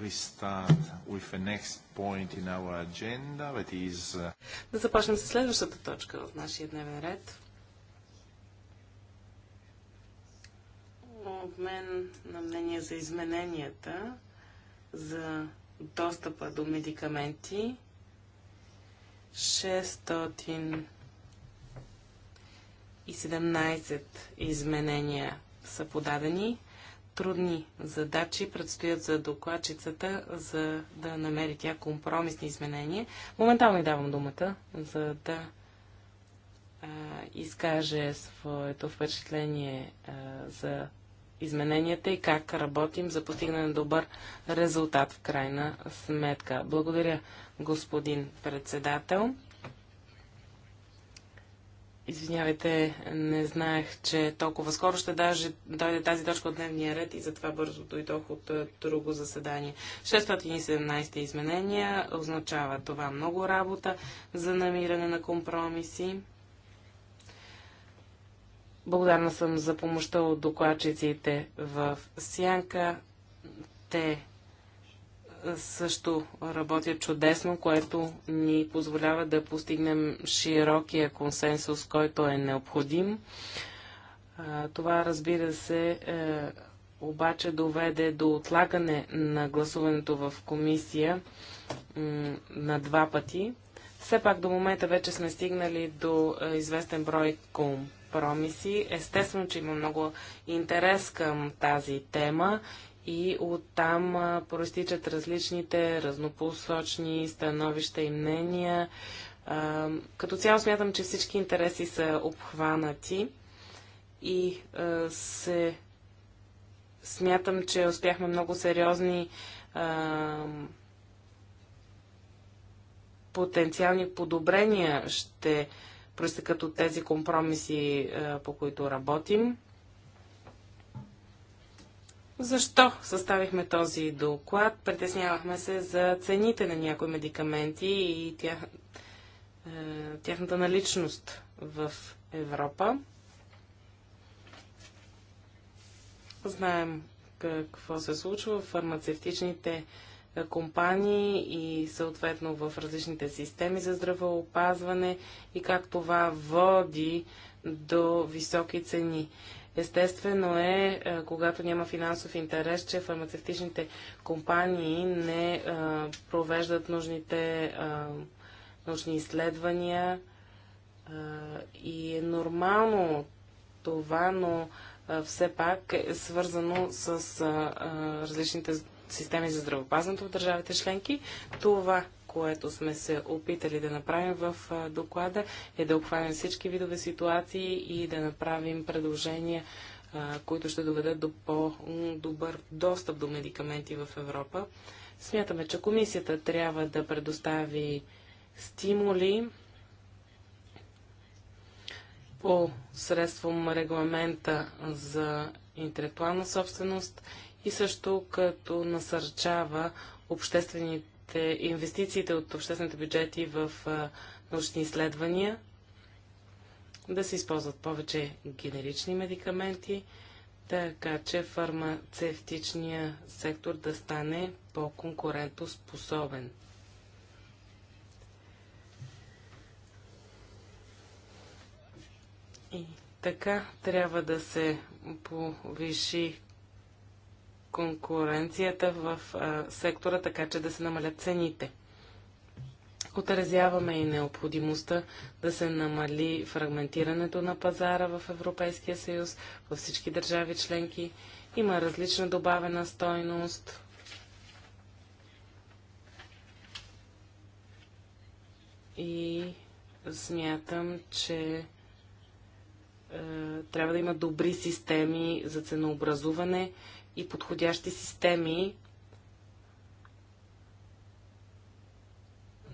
restart with the next point in our agenda, that is... Uh, да започнем с следващата точка от нашия дневен ред. Обмен на мнение за измененията за достъпа до медикаменти 617 изменения са подадени трудни задачи предстоят за докладчицата, за да намери тя компромисни изменения. Моментално й давам думата, за да а, изкаже своето впечатление а, за измененията и как работим за постигане на добър резултат в крайна сметка. Благодаря, господин председател. Извинявайте, не знаех, че толкова скоро ще даже дойде тази точка от дневния ред и затова бързо дойдох от е, друго заседание. 617 изменения означава това много работа за намиране на компромиси. Благодарна съм за помощта от докладчиците в Сянка. Те също работя чудесно, което ни позволява да постигнем широкия консенсус, който е необходим. Това, разбира се, е, обаче доведе до отлагане на гласуването в комисия на два пъти. Все пак до момента вече сме стигнали до е, известен брой компромиси. Естествено, че има много интерес към тази тема и оттам проистичат различните разнопосочни становища и мнения. като цяло смятам, че всички интереси са обхванати и се смятам, че успяхме много сериозни потенциални подобрения ще проистекат от тези компромиси, по които работим. Защо съставихме този доклад? Притеснявахме се за цените на някои медикаменти и тях, е, тяхната наличност в Европа. Знаем какво се случва в фармацевтичните е, компании и съответно в различните системи за здравеопазване и как това води до високи цени. Естествено е, когато няма финансов интерес, че фармацевтичните компании не провеждат нужните научни изследвания и е нормално това, но все пак е свързано с различните системи за здравеопазването в държавите членки. Това което сме се опитали да направим в доклада, е да обхванем всички видове ситуации и да направим предложения, които ще доведат до по-добър достъп до медикаменти в Европа. Смятаме, че комисията трябва да предостави стимули по средством регламента за интелектуална собственост и също като насърчава обществените бюджетите, инвестициите от обществените бюджети в е, научни изследвания, да се използват повече генерични медикаменти, така че фармацевтичният сектор да стане по-конкурентоспособен. И така трябва да се повиши конкуренцията в а, сектора, така че да се намалят цените. Отразяваме и необходимостта да се намали фрагментирането на пазара в Европейския съюз, във всички държави членки. Има различна добавена стойност. И смятам, че е, трябва да има добри системи за ценообразуване, и подходящи системи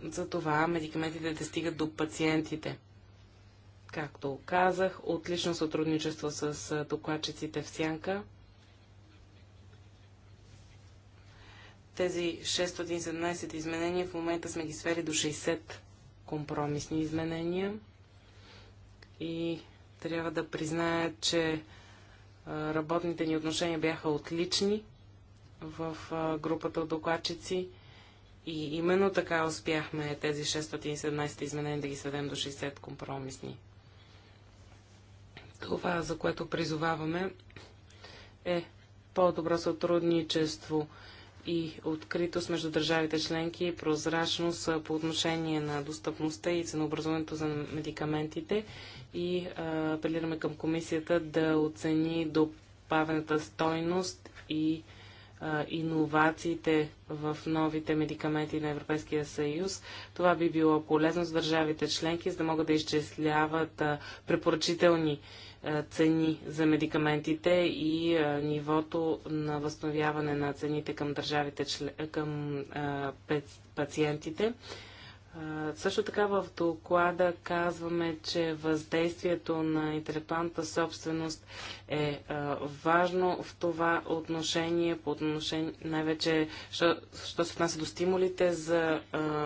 за това медикаментите да стигат до пациентите. Както казах, отлично сътрудничество с докладчиците в Сянка. Тези 617 изменения в момента сме ги свели до 60 компромисни изменения. И трябва да призная, че Работните ни отношения бяха отлични в групата от докладчици и именно така успяхме тези 617 изменения да ги сведем до 60 компромисни. Това, за което призоваваме, е по-добро сътрудничество и откритост между държавите членки, прозрачност по отношение на достъпността и ценообразуването за медикаментите и а, апелираме към комисията да оцени добавената стойност и иновациите в новите медикаменти на Европейския съюз. Това би било полезно за държавите членки, за да могат да изчисляват а, препоръчителни цени за медикаментите и нивото на възстановяване на цените към държавите, към пациентите. Също така в доклада казваме, че въздействието на интелектуалната собственост е важно в това отношение, по отношение най-вече, що, се отнася до стимулите за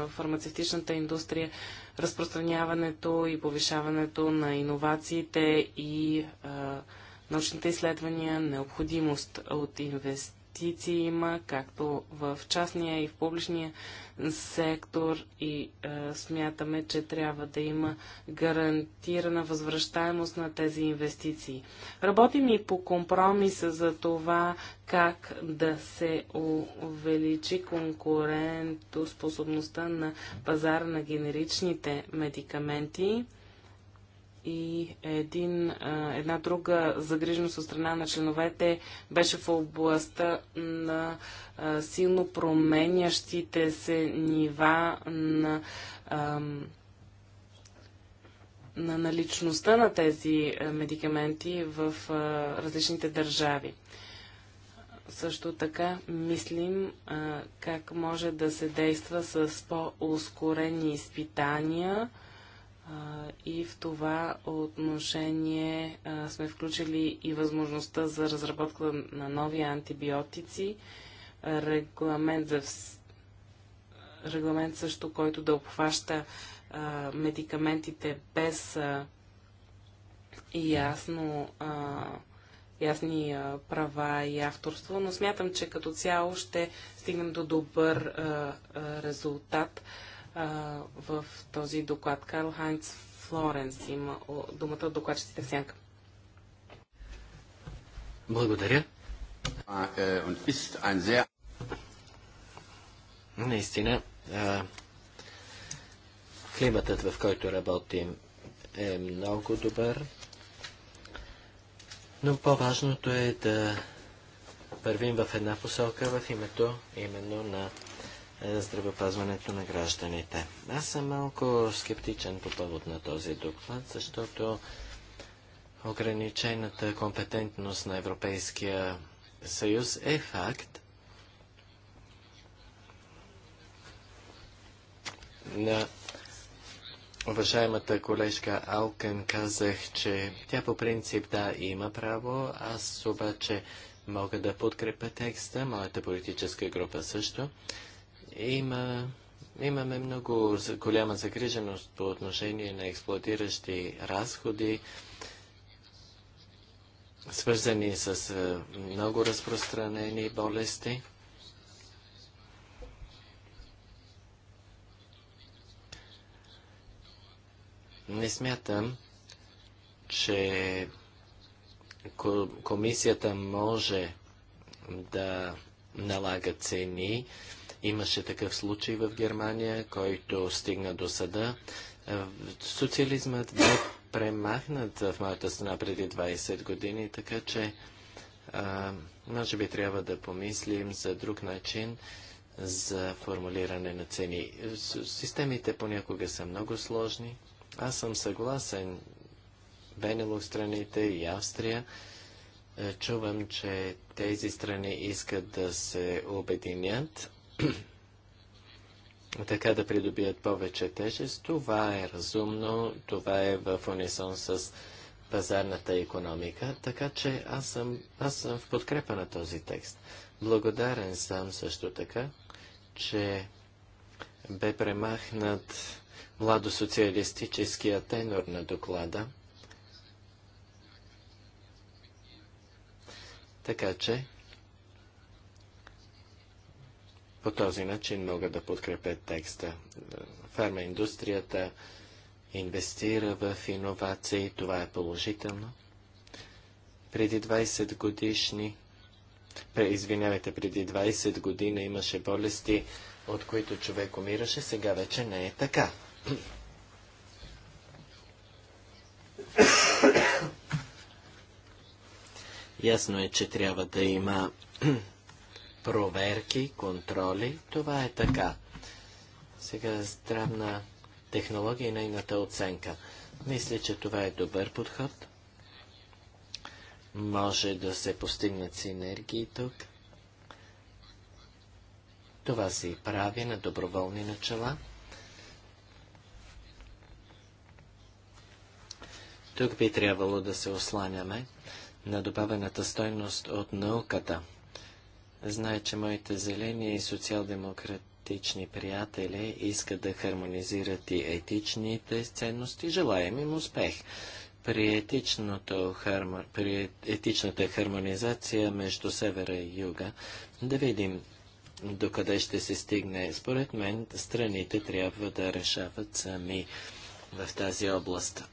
фармацевтичната индустрия, разпространяването и повишаването на иновациите и научните изследвания, необходимост от инвестиции инвестиции има, както в частния и в публичния сектор и е, смятаме, че трябва да има гарантирана възвръщаемост на тези инвестиции. Работим и по компромиса за това как да се увеличи конкурентоспособността на пазара на генеричните медикаменти и един, една друга загриженост от страна на членовете беше в областта на силно променящите се нива на, на наличността на тези медикаменти в различните държави също така мислим как може да се действа с по-ускорени изпитания и в това отношение сме включили и възможността за разработка на нови антибиотици, регламент, за вс... регламент също, който да обхваща медикаментите без ясно, ясни права и авторство, но смятам, че като цяло ще стигнем до добър резултат в този доклад. Карл Хайнц Флоренс има думата от докладчиците в сянка. Благодаря. Наистина, а, климатът, в който работим, е много добър. Но по-важното е да вървим в една посока в името именно на е, здравеопазването на гражданите. Аз съм малко скептичен по повод на този доклад, защото ограничената компетентност на Европейския съюз е факт. На уважаемата колежка Алкен казах, че тя по принцип да има право, аз обаче мога да подкрепя текста, моята политическа група също. Има, имаме много голяма загриженост по отношение на експлуатиращи разходи, свързани с много разпространени болести. Не смятам, че комисията може да налага цени Имаше такъв случай в Германия, който стигна до съда. Е, социализмът бе премахнат в моята страна преди 20 години, така че а, може би трябва да помислим за друг начин за формулиране на цени. Системите понякога са много сложни. Аз съм съгласен. Бенелук страните и Австрия. Е, чувам, че тези страни искат да се обединят така да придобият повече тежест. Това е разумно, това е в унисон с пазарната економика, така че аз съм, аз съм в подкрепа на този текст. Благодарен съм също така, че бе премахнат младосоциалистическия тенор на доклада. Така че По този начин могат да подкрепят текста. индустрията инвестира в иновации, това е положително. Преди 20 годишни, извинявайте, преди 20 години имаше болести, от които човек умираше, сега вече не е така. Ясно е, че трябва да има проверки, контроли. Това е така. Сега здравна технология и нейната оценка. Мисля, че това е добър подход. Може да се постигнат синергии тук. Това се и прави на доброволни начала. Тук би трябвало да се осланяме на добавената стойност от науката – Знае, че моите зелени и социал-демократични приятели искат да хармонизират и етичните ценности. Желаем им успех. При, харма... при етичната хармонизация между севера и юга да видим докъде ще се стигне. Според мен страните трябва да решават сами в тази област.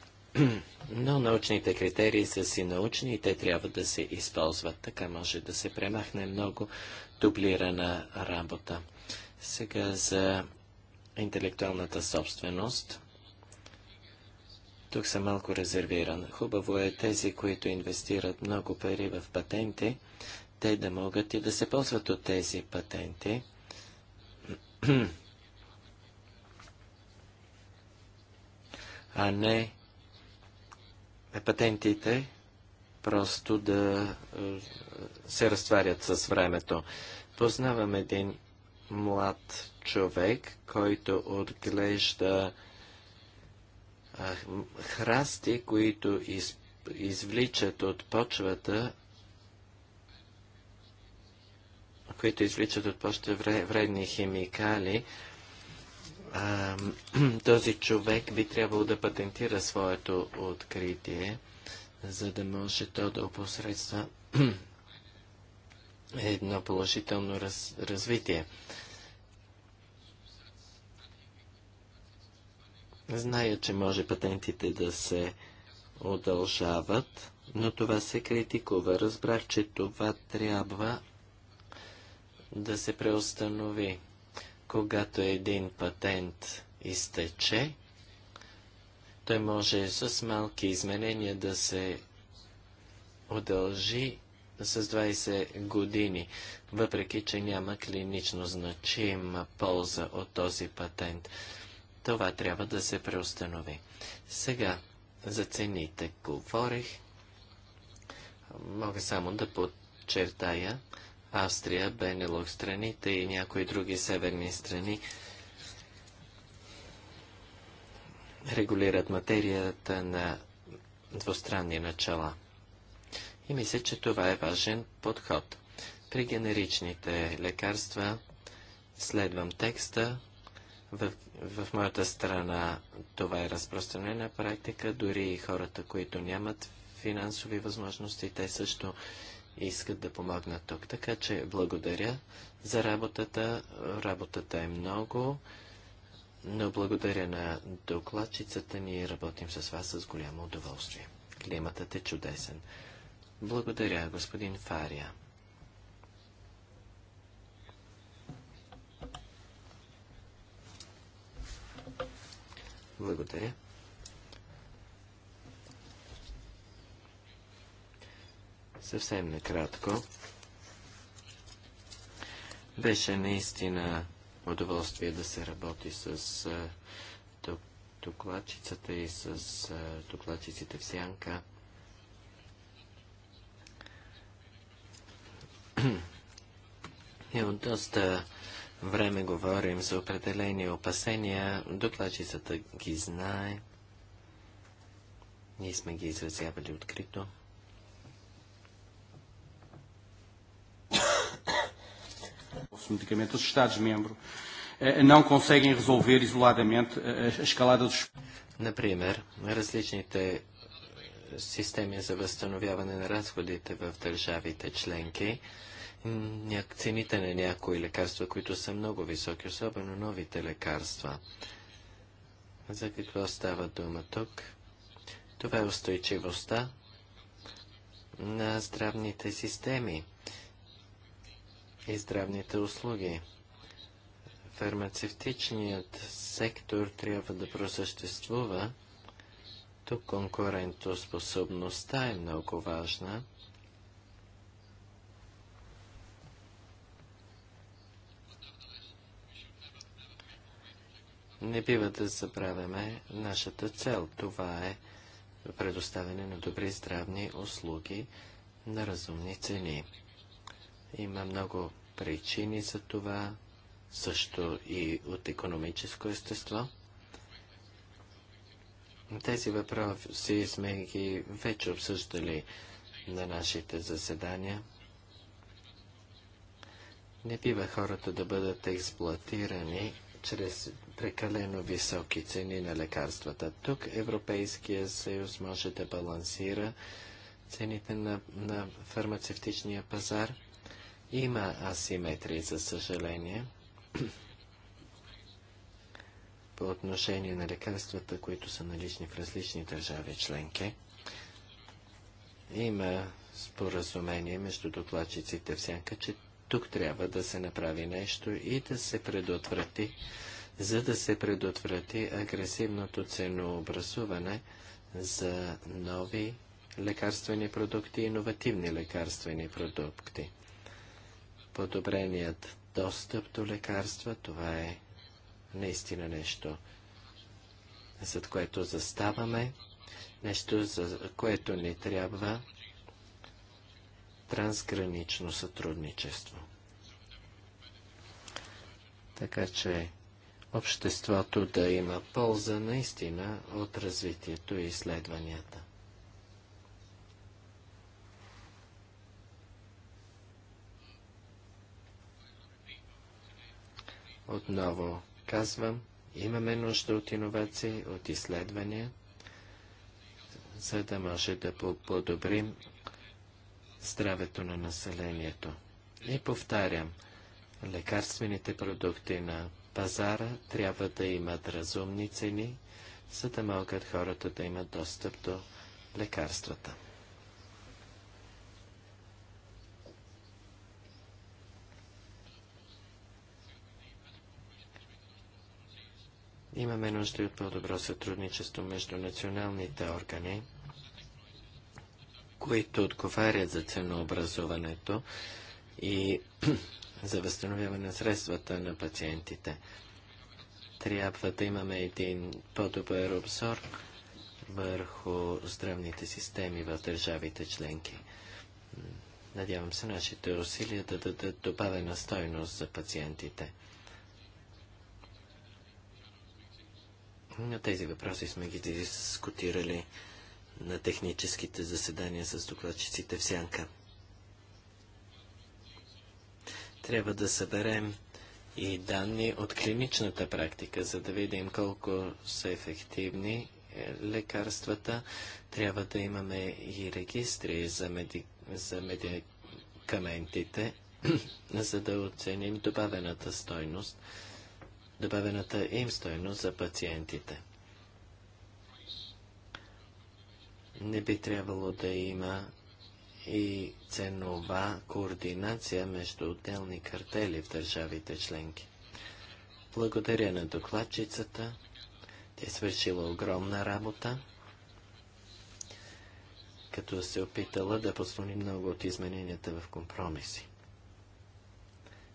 Но научните критерии са си научни и те трябва да се използват. Така може да се премахне много дублирана работа. Сега за интелектуалната собственост. Тук съм малко резервиран. Хубаво е тези, които инвестират много пари в патенти, те да могат и да се ползват от тези патенти. а не патентите просто да е, се разтварят с времето. Познавам един млад човек, който отглежда е, храсти, които из, извличат от почвата, които извличат от почвата вредни химикали, а, този човек би трябвало да патентира своето откритие, за да може то да опосредства едно положително раз, развитие. Зная, че може патентите да се удължават, но това се критикува. Разбрах, че това трябва да се преустанови когато един патент изтече, той може с малки изменения да се удължи с 20 години, въпреки че няма клинично значима полза от този патент. Това трябва да се преустанови. Сега за цените говорих. Мога само да подчертая, Австрия, Бенелок страните и някои други северни страни регулират материята на двустранни начала. И мисля, че това е важен подход. При генеричните лекарства следвам текста. В, в моята страна това е разпространена практика. Дори и хората, които нямат финансови възможности, те също искат да помогнат тук. Така че благодаря за работата. Работата е много, но благодаря на докладчицата. Ние работим с вас с голямо удоволствие. Климатът е чудесен. Благодаря, господин Фария. Благодаря. Съвсем накратко. Беше наистина удоволствие да се работи с докладчицата и с докладчиците в сянка. И от доста време говорим за определени опасения. Докладчицата ги знае. Ние сме ги изразявали открито. dos medicamentos, os Estados-membros eh, não conseguem resolver isoladamente eh, a escalada dos. Например, различните системи за възстановяване на разходите в държавите членки, цените на някои лекарства, които са много високи, особено новите лекарства. За какво става дума тук? Това е устойчивостта на здравните системи и здравните услуги. Фармацевтичният сектор трябва да просъществува. Тук конкурентоспособността е много важна. Не бива да забравяме нашата цел. Това е предоставяне на добри здравни услуги на разумни цени. Има много причини за това, също и от економическо естество. Тези въпроси сме ги вече обсъждали на нашите заседания. Не бива хората да бъдат експлуатирани чрез прекалено високи цени на лекарствата. Тук Европейския съюз може да балансира цените на, на фармацевтичния пазар – има асиметрии, за съжаление, по отношение на лекарствата, които са налични в различни държави членки. Има споразумение между докладчиците всяка, сянка, че тук трябва да се направи нещо и да се предотврати, за да се предотврати агресивното ценообразуване за нови лекарствени продукти и иновативни лекарствени продукти подобреният достъп до лекарства, това е наистина нещо, за което заставаме, нещо, за което ни трябва трансгранично сътрудничество. Така че обществото да има полза наистина от развитието и изследванията. Отново казвам, имаме нужда от иновации, от изследвания, за да може да подобрим здравето на населението. И повтарям, лекарствените продукти на пазара трябва да имат разумни цени, за да могат хората да имат достъп до лекарствата. Имаме нужда и от по-добро сътрудничество между националните органи, които отговарят за ценообразуването и за възстановяване на средствата на пациентите. Трябва да имаме един по-добър обзор върху здравните системи в държавите членки. Надявам се нашите усилия да дадат добавена стойност за пациентите. На тези въпроси сме ги дискутирали на техническите заседания с докладчиците в Сянка. Трябва да съберем и данни от клиничната практика, за да видим колко са ефективни е, лекарствата. Трябва да имаме и регистри за, меди... за медикаментите, за да оценим добавената стойност добавената им стойност за пациентите. Не би трябвало да има и ценова координация между отделни картели в държавите членки. Благодаря на докладчицата. Тя е свършила огромна работа, като се опитала да послони много от измененията в компромиси.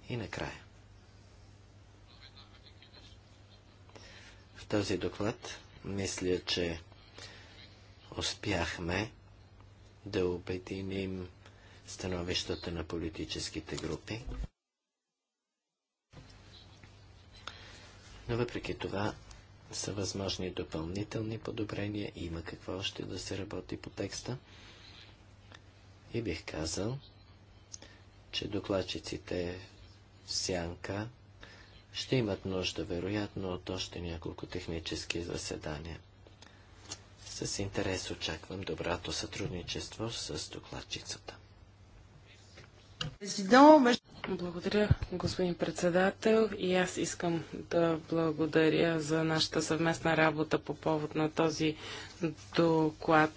И накрая. този доклад мисля, че успяхме да обединим становищата на политическите групи. Но въпреки това са възможни допълнителни подобрения, има какво още да се работи по текста. И бих казал, че докладчиците в сянка ще имат нужда, вероятно, от още няколко технически заседания. С интерес очаквам доброто сътрудничество с докладчицата. Благодаря, господин председател. И аз искам да благодаря за нашата съвместна работа по повод на този доклад.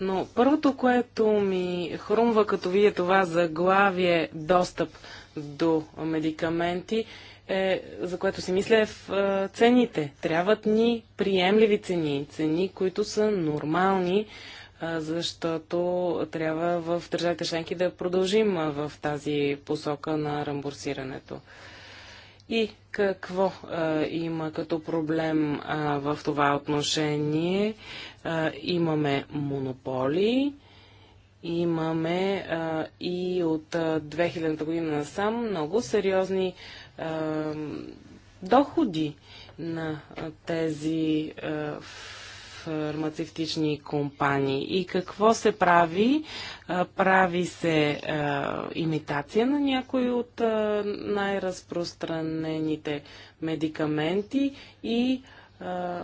Но първото, което ми хрумва, като видя това заглавие достъп до медикаменти, е, за което си мисля е в е, цените. Трябват ни приемливи цени, цени, които са нормални, е, защото трябва в държавите членки да продължим е, в тази посока на рамбурсирането. И какво е, има като проблем е, в това отношение? Е, имаме монополии имаме а, и от 2000 година насам много сериозни а, доходи на тези а, фармацевтични компании. И какво се прави? А, прави се а, имитация на някои от най-разпространените медикаменти и а,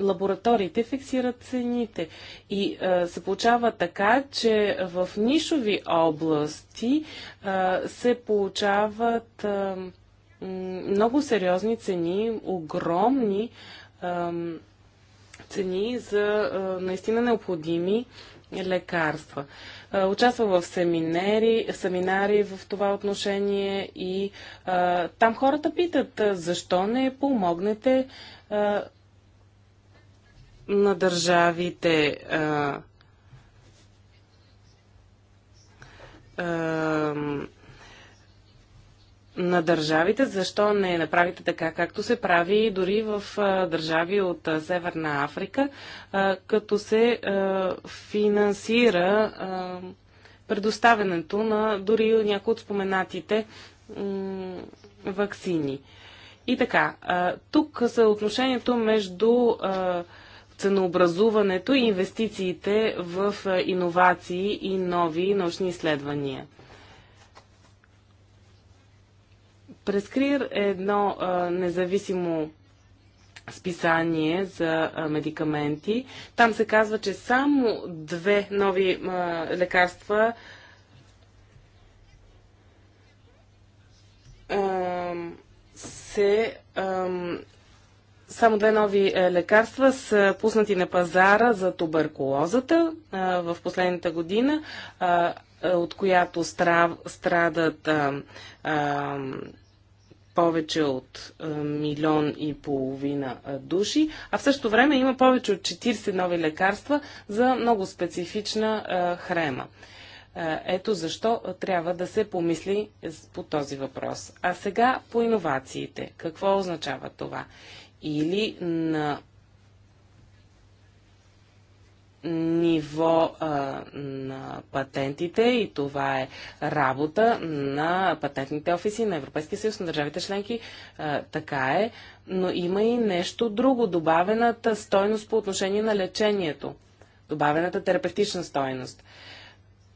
лабораториите фиксират цените и а, се получава така, че в нишови области а, се получават а, много сериозни цени, огромни а, цени за а, наистина необходими лекарства. А, участва в семинари, семинари в това отношение и а, там хората питат защо не помогнете а, на държавите а, а, на държавите, защо не направите така, както се прави дори в а, държави от а, Северна Африка, а, като се финансира предоставянето на дори някои от споменатите вакцини. И така, тук съотношението между ценообразуването и инвестициите в иновации и нови научни изследвания. През КРИР е едно а, независимо списание за а, медикаменти. Там се казва, че само две нови а, лекарства се само две нови е, лекарства са пуснати на пазара за туберкулозата в последната година, е, от която страдат повече от милион и половина души, а в същото време има повече от 40 нови лекарства за много специфична хрема. Ето защо трябва да се помисли по този въпрос. А сега по иновациите. Какво означава това? или на ниво а, на патентите и това е работа на патентните офиси на Европейския съюз, на държавите членки. А, така е, но има и нещо друго. Добавената стойност по отношение на лечението. Добавената терапевтична стойност.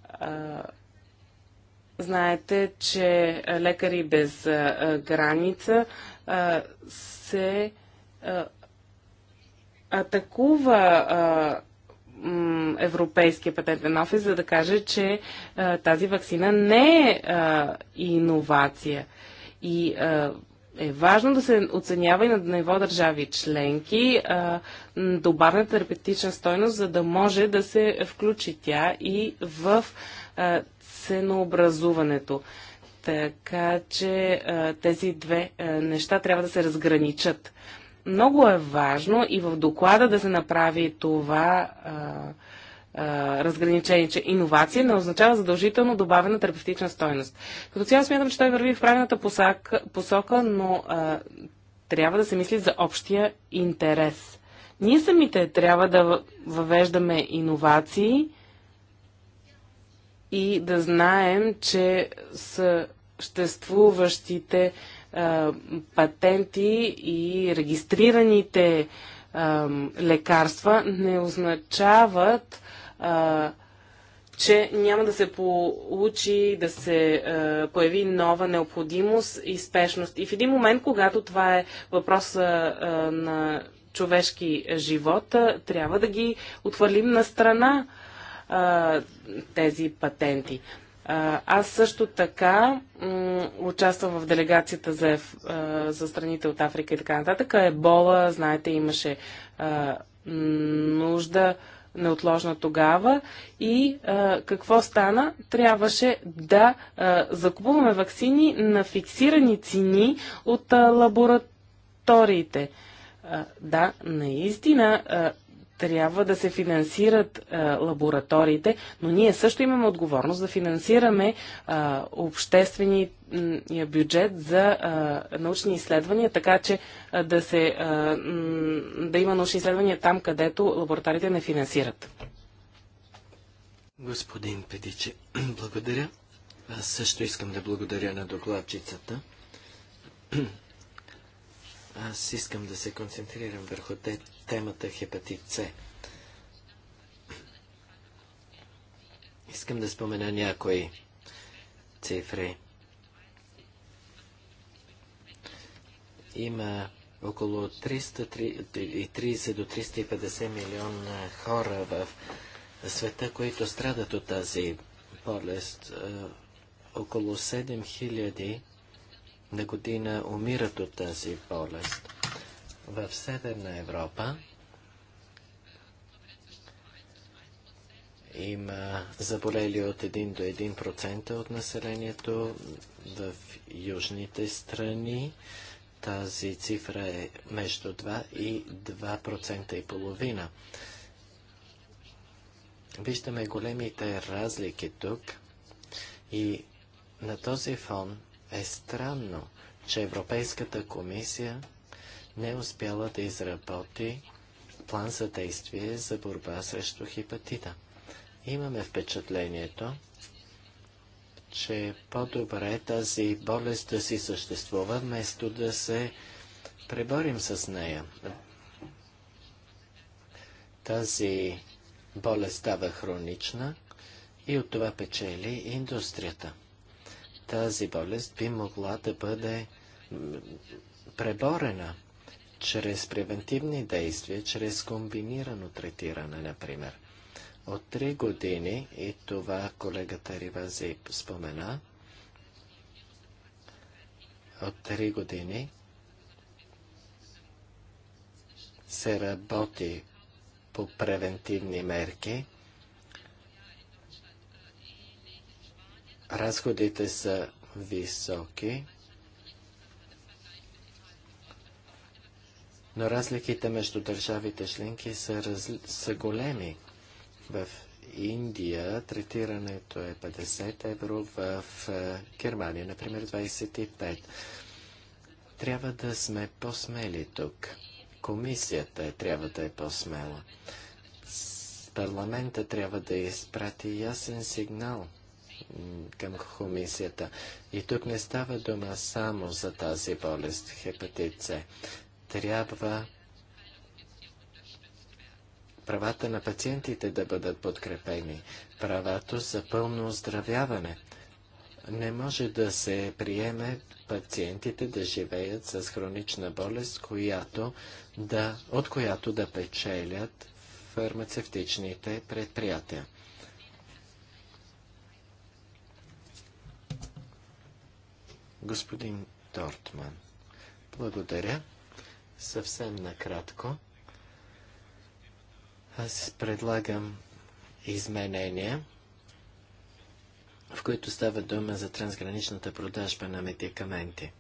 А, знаете, че лекари без а, граница а, се атакува а, Европейския патентен офис, е, за да каже, че а, тази вакцина не е а, иновация. И а, е важно да се оценява и на ниво държави членки а, добавна терапевтична стойност, за да може да се включи тя и в а, ценообразуването. Така че а, тези две а, неща трябва да се разграничат. Много е важно и в доклада да се направи това а, а, разграничение, че иновация не означава задължително добавена терапевтична стойност. Като цяло смятам, че той върви в правилната посока, но а, трябва да се мисли за общия интерес. Ние самите трябва да въвеждаме иновации и да знаем, че съществуващите патенти и регистрираните лекарства не означават, че няма да се получи да се появи нова необходимост и спешност. И в един момент, когато това е въпрос на човешки живот, трябва да ги отвърлим на страна тези патенти. Аз също така участвам в делегацията за, за страните от Африка и така нататък. Ебола, знаете, имаше нужда неотложна тогава. И а, какво стана? Трябваше да а, закупуваме вакцини на фиксирани цени от а, лабораториите. А, да, наистина трябва да се финансират а, лабораториите, но ние също имаме отговорност да финансираме а, обществения бюджет за а, научни изследвания, така че а, да, се, а, да има научни изследвания там, където лабораториите не финансират. Господин Педиче, благодаря. Аз също искам да благодаря на докладчицата аз искам да се концентрирам върху те, темата хепатит С. Искам да спомена някои цифри. Има около 330 до 350 милиона хора в света, които страдат от тази болест. Е, около 000 на година умират от тази болест. В Северна Европа има заболели от 1 до 1% от населението. В южните страни тази цифра е между 2 и 2% и половина. Виждаме големите разлики тук и на този фон е странно, че Европейската комисия не е успяла да изработи план за действие за борба срещу хепатита. Имаме впечатлението, че е по-добре тази болест да си съществува, вместо да се преборим с нея. Тази болест става хронична и от това печели индустрията тази болест би могла да бъде преборена чрез превентивни действия, чрез комбинирано третиране, например. От три години, и това колегата Ривази спомена, от три години се работи по превентивни мерки Разходите са високи, но разликите между държавите членки са, раз... са големи. В Индия третирането е 50 евро, в е, Германия, например, 25. Трябва да сме по-смели тук. Комисията трябва да е по-смела. Парламента трябва да изпрати ясен сигнал – към комисията. И тук не става дума само за тази болест, хепатит С. Трябва правата на пациентите да бъдат подкрепени, правата за пълно оздравяване. Не може да се приеме пациентите да живеят с хронична болест, която да, от която да печелят фармацевтичните предприятия. Господин Тортман, благодаря. Съвсем накратко. Аз предлагам изменения, в които става дума за трансграничната продажба на медикаменти.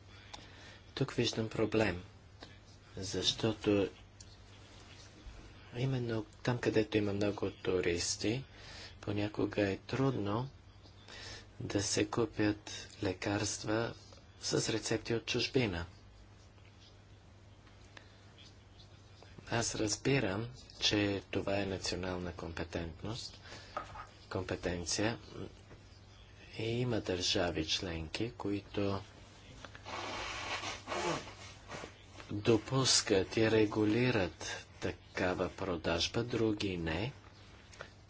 Тук виждам проблем, защото именно там, където има много туристи, понякога е трудно да се купят лекарства с рецепти от чужбина. Аз разбирам, че това е национална компетентност, компетенция и има държави членки, които допускат и регулират такава продажба, други не.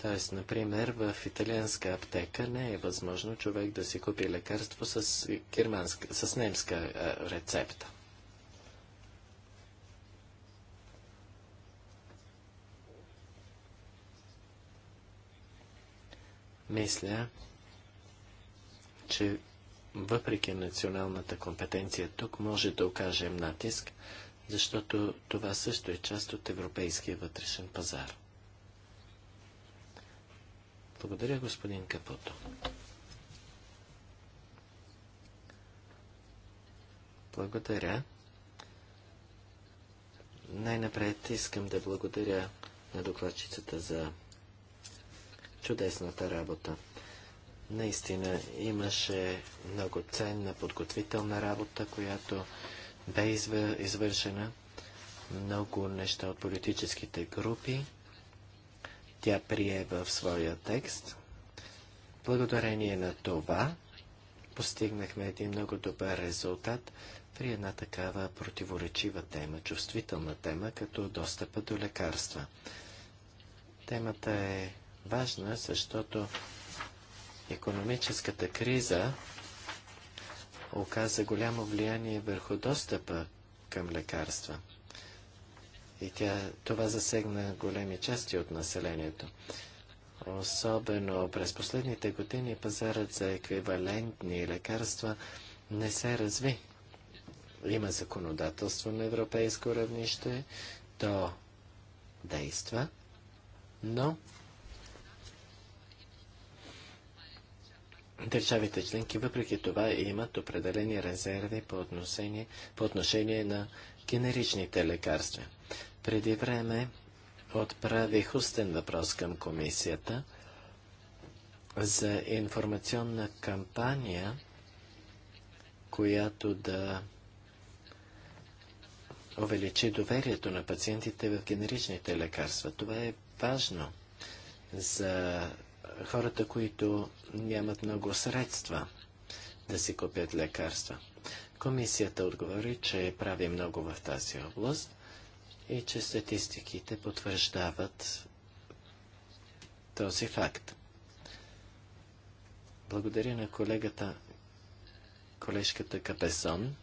Тоест, например, в италианска аптека не е възможно човек да си купи лекарство с, германска, с немска е, рецепта. Мисля, че въпреки националната компетенция тук може да окажем натиск, защото това също е част от европейския вътрешен пазар. Благодаря, господин Капото. Благодаря. Най-напред искам да благодаря на докладчицата за чудесната работа. Наистина имаше много ценна подготвителна работа, която бе извършена. Много неща от политическите групи тя прие в своя текст. Благодарение на това постигнахме един много добър резултат при една такава противоречива тема, чувствителна тема, като достъпа до лекарства. Темата е важна, защото економическата криза оказа голямо влияние върху достъпа към лекарства. И тя, това засегна големи части от населението. Особено през последните години пазарът за еквивалентни лекарства не се разви. Има законодателство на европейско равнище, то действа, но държавите членки въпреки това имат определени резерви по отношение, по отношение на генеричните лекарства. Преди време отправих устен въпрос към комисията за информационна кампания, която да увеличи доверието на пациентите в генеричните лекарства. Това е важно за хората, които нямат много средства да си купят лекарства. Комисията отговори, че прави много в тази област и че статистиките потвърждават този факт. Благодаря на колегата, колежката Капесон.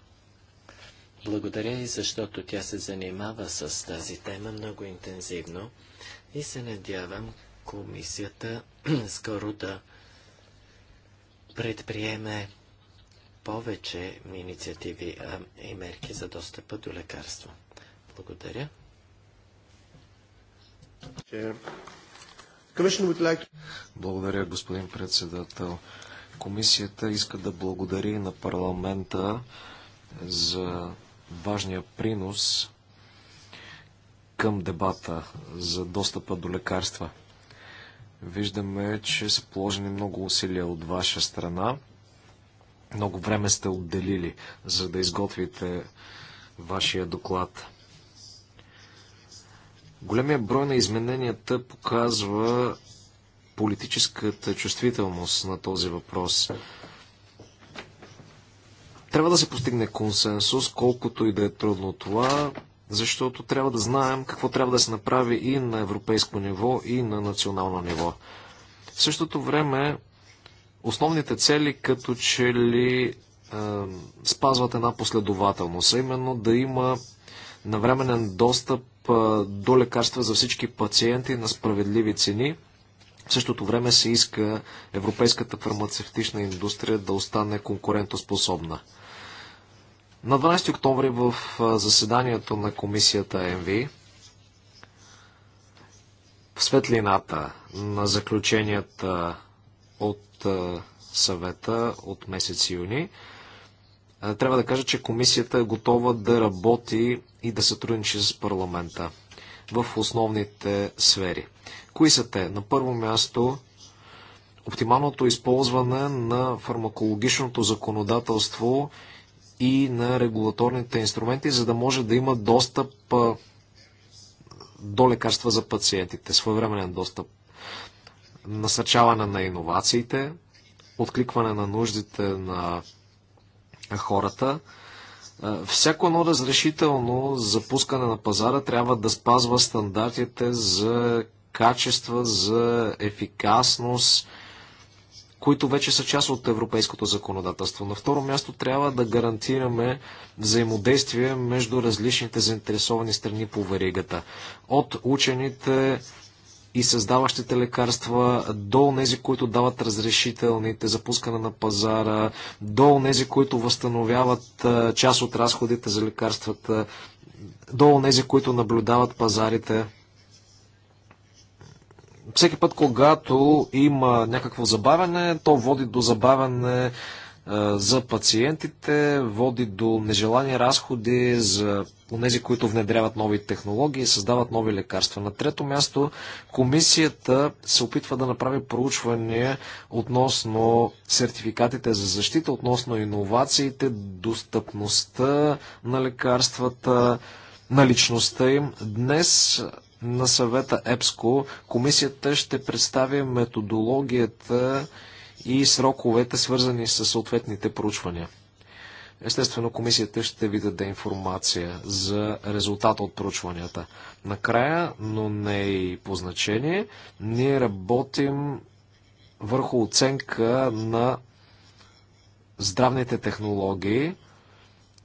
Благодаря и защото тя се занимава с тази тема много интензивно и се надявам комисията скоро да предприеме повече инициативи и мерки за достъпа до лекарства. Благодаря. Благодаря, господин председател. Комисията иска да благодари на парламента за важния принос към дебата за достъпа до лекарства. Виждаме, че са положени много усилия от ваша страна. Много време сте отделили, за да изготвите вашия доклад. Големия брой на измененията показва политическата чувствителност на този въпрос. Трябва да се постигне консенсус, колкото и да е трудно това, защото трябва да знаем какво трябва да се направи и на европейско ниво, и на национално ниво. В същото време, основните цели като че ли е, спазват една последователност, а именно да има навременен достъп до лекарства за всички пациенти на справедливи цени. В същото време се иска европейската фармацевтична индустрия да остане конкурентоспособна. На 12 октомври в заседанието на комисията ЕМВИ в светлината на заключенията от съвета от месец юни, трябва да кажа, че комисията е готова да работи и да сътрудничи с парламента в основните сфери. Кои са те? На първо място оптималното използване на фармакологичното законодателство и на регулаторните инструменти, за да може да има достъп до лекарства за пациентите, своевременен достъп, насърчаване на иновациите, откликване на нуждите на хората. Е, всяко едно разрешително за пускане на пазара трябва да спазва стандартите за качества, за ефикасност, които вече са част от европейското законодателство. На второ място трябва да гарантираме взаимодействие между различните заинтересовани страни по веригата. От учените, и създаващите лекарства, до тези, които дават разрешителните за пускане на пазара, до тези, които възстановяват част от разходите за лекарствата, до тези, които наблюдават пазарите всеки път, когато има някакво забавяне, то води до забавяне за пациентите, води до нежелани разходи за тези, които внедряват нови технологии и създават нови лекарства. На трето място, комисията се опитва да направи проучване относно сертификатите за защита, относно иновациите, достъпността на лекарствата, наличността им. Днес на съвета ЕПСКО комисията ще представи методологията и сроковете, свързани с съответните проучвания. Естествено, комисията ще ви даде информация за резултата от проучванията. Накрая, но не и по значение, ние работим върху оценка на здравните технологии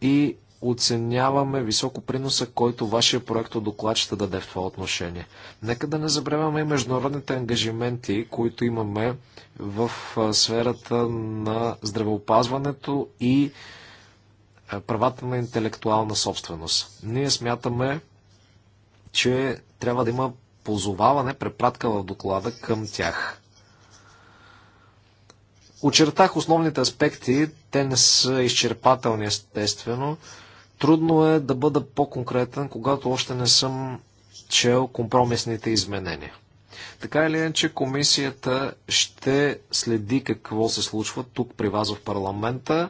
и оценяваме високо приноса, който вашия проект от доклад ще даде в това отношение. Нека да не забравяме и международните ангажименти, които имаме в сферата на здравеопазването и правата на интелектуална собственост. Ние смятаме, че трябва да има позоваване, препратка в доклада към тях. Очертах основните аспекти, те не са изчерпателни естествено. Трудно е да бъда по-конкретен, когато още не съм чел компромисните изменения. Така или иначе, комисията ще следи какво се случва тук при вас в парламента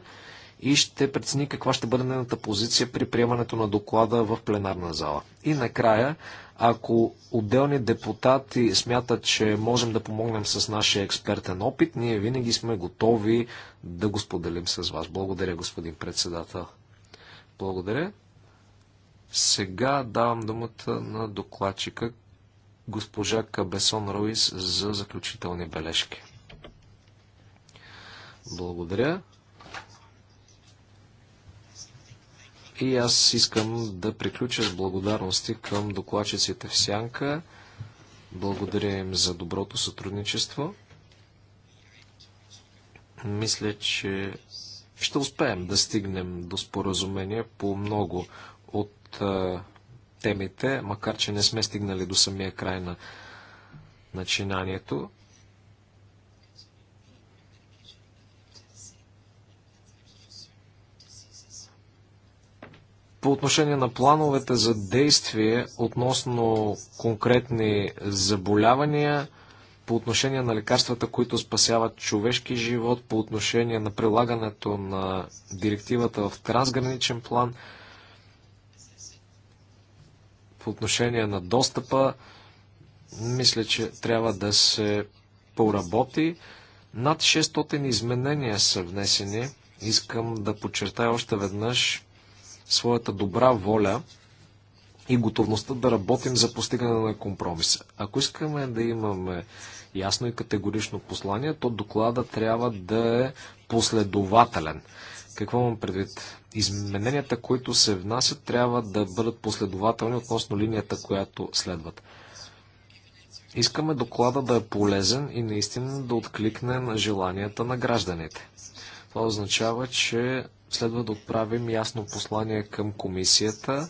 и ще прецени каква ще бъде нейната позиция при приемането на доклада в пленарна зала. И накрая, ако отделни депутати смятат, че можем да помогнем с нашия експертен опит, ние винаги сме готови да го споделим с вас. Благодаря, господин председател. Благодаря. Сега давам думата на докладчика госпожа Кабесон Руис за заключителни бележки. Благодаря. И аз искам да приключа с благодарности към докладчиците в Сянка. Благодаря им за доброто сътрудничество. Мисля, че ще успеем да стигнем до споразумение по много от а, темите, макар че не сме стигнали до самия край на начинанието. по отношение на плановете за действие относно конкретни заболявания, по отношение на лекарствата, които спасяват човешки живот, по отношение на прилагането на директивата в трансграничен план, по отношение на достъпа, мисля, че трябва да се поработи. Над 600 изменения са внесени. Искам да подчертая още веднъж своята добра воля и готовността да работим за постигане на компромис. Ако искаме да имаме ясно и категорично послание, то доклада трябва да е последователен. Какво имам предвид? Измененията, които се внасят, трябва да бъдат последователни относно линията, която следват. Искаме доклада да е полезен и наистина да откликне на желанията на гражданите. Това означава, че следва да отправим ясно послание към комисията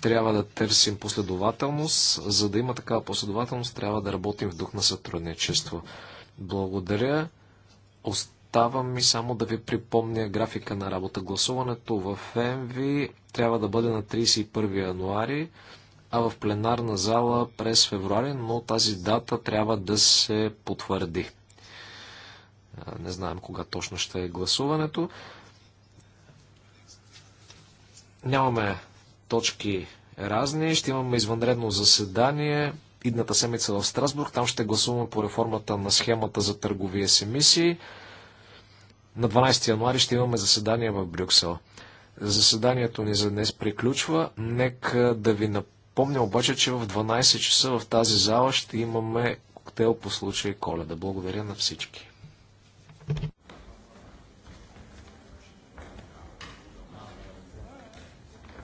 трябва да търсим последователност. За да има такава последователност, трябва да работим в дух на сътрудничество. Благодаря. Оставам ми само да ви припомня графика на работа. Гласуването в МВ трябва да бъде на 31 януари, а в пленарна зала през февруари, но тази дата трябва да се потвърди. Не знаем кога точно ще е гласуването. Нямаме точки разни. Ще имаме извънредно заседание идната седмица в Страсбург. Там ще гласуваме по реформата на схемата за търговия с емисии. На 12 януари ще имаме заседание в Брюксел. Заседанието ни за днес приключва. Нека да ви напомня обаче, че в 12 часа в тази зала ще имаме коктейл по случай коледа. Благодаря на всички.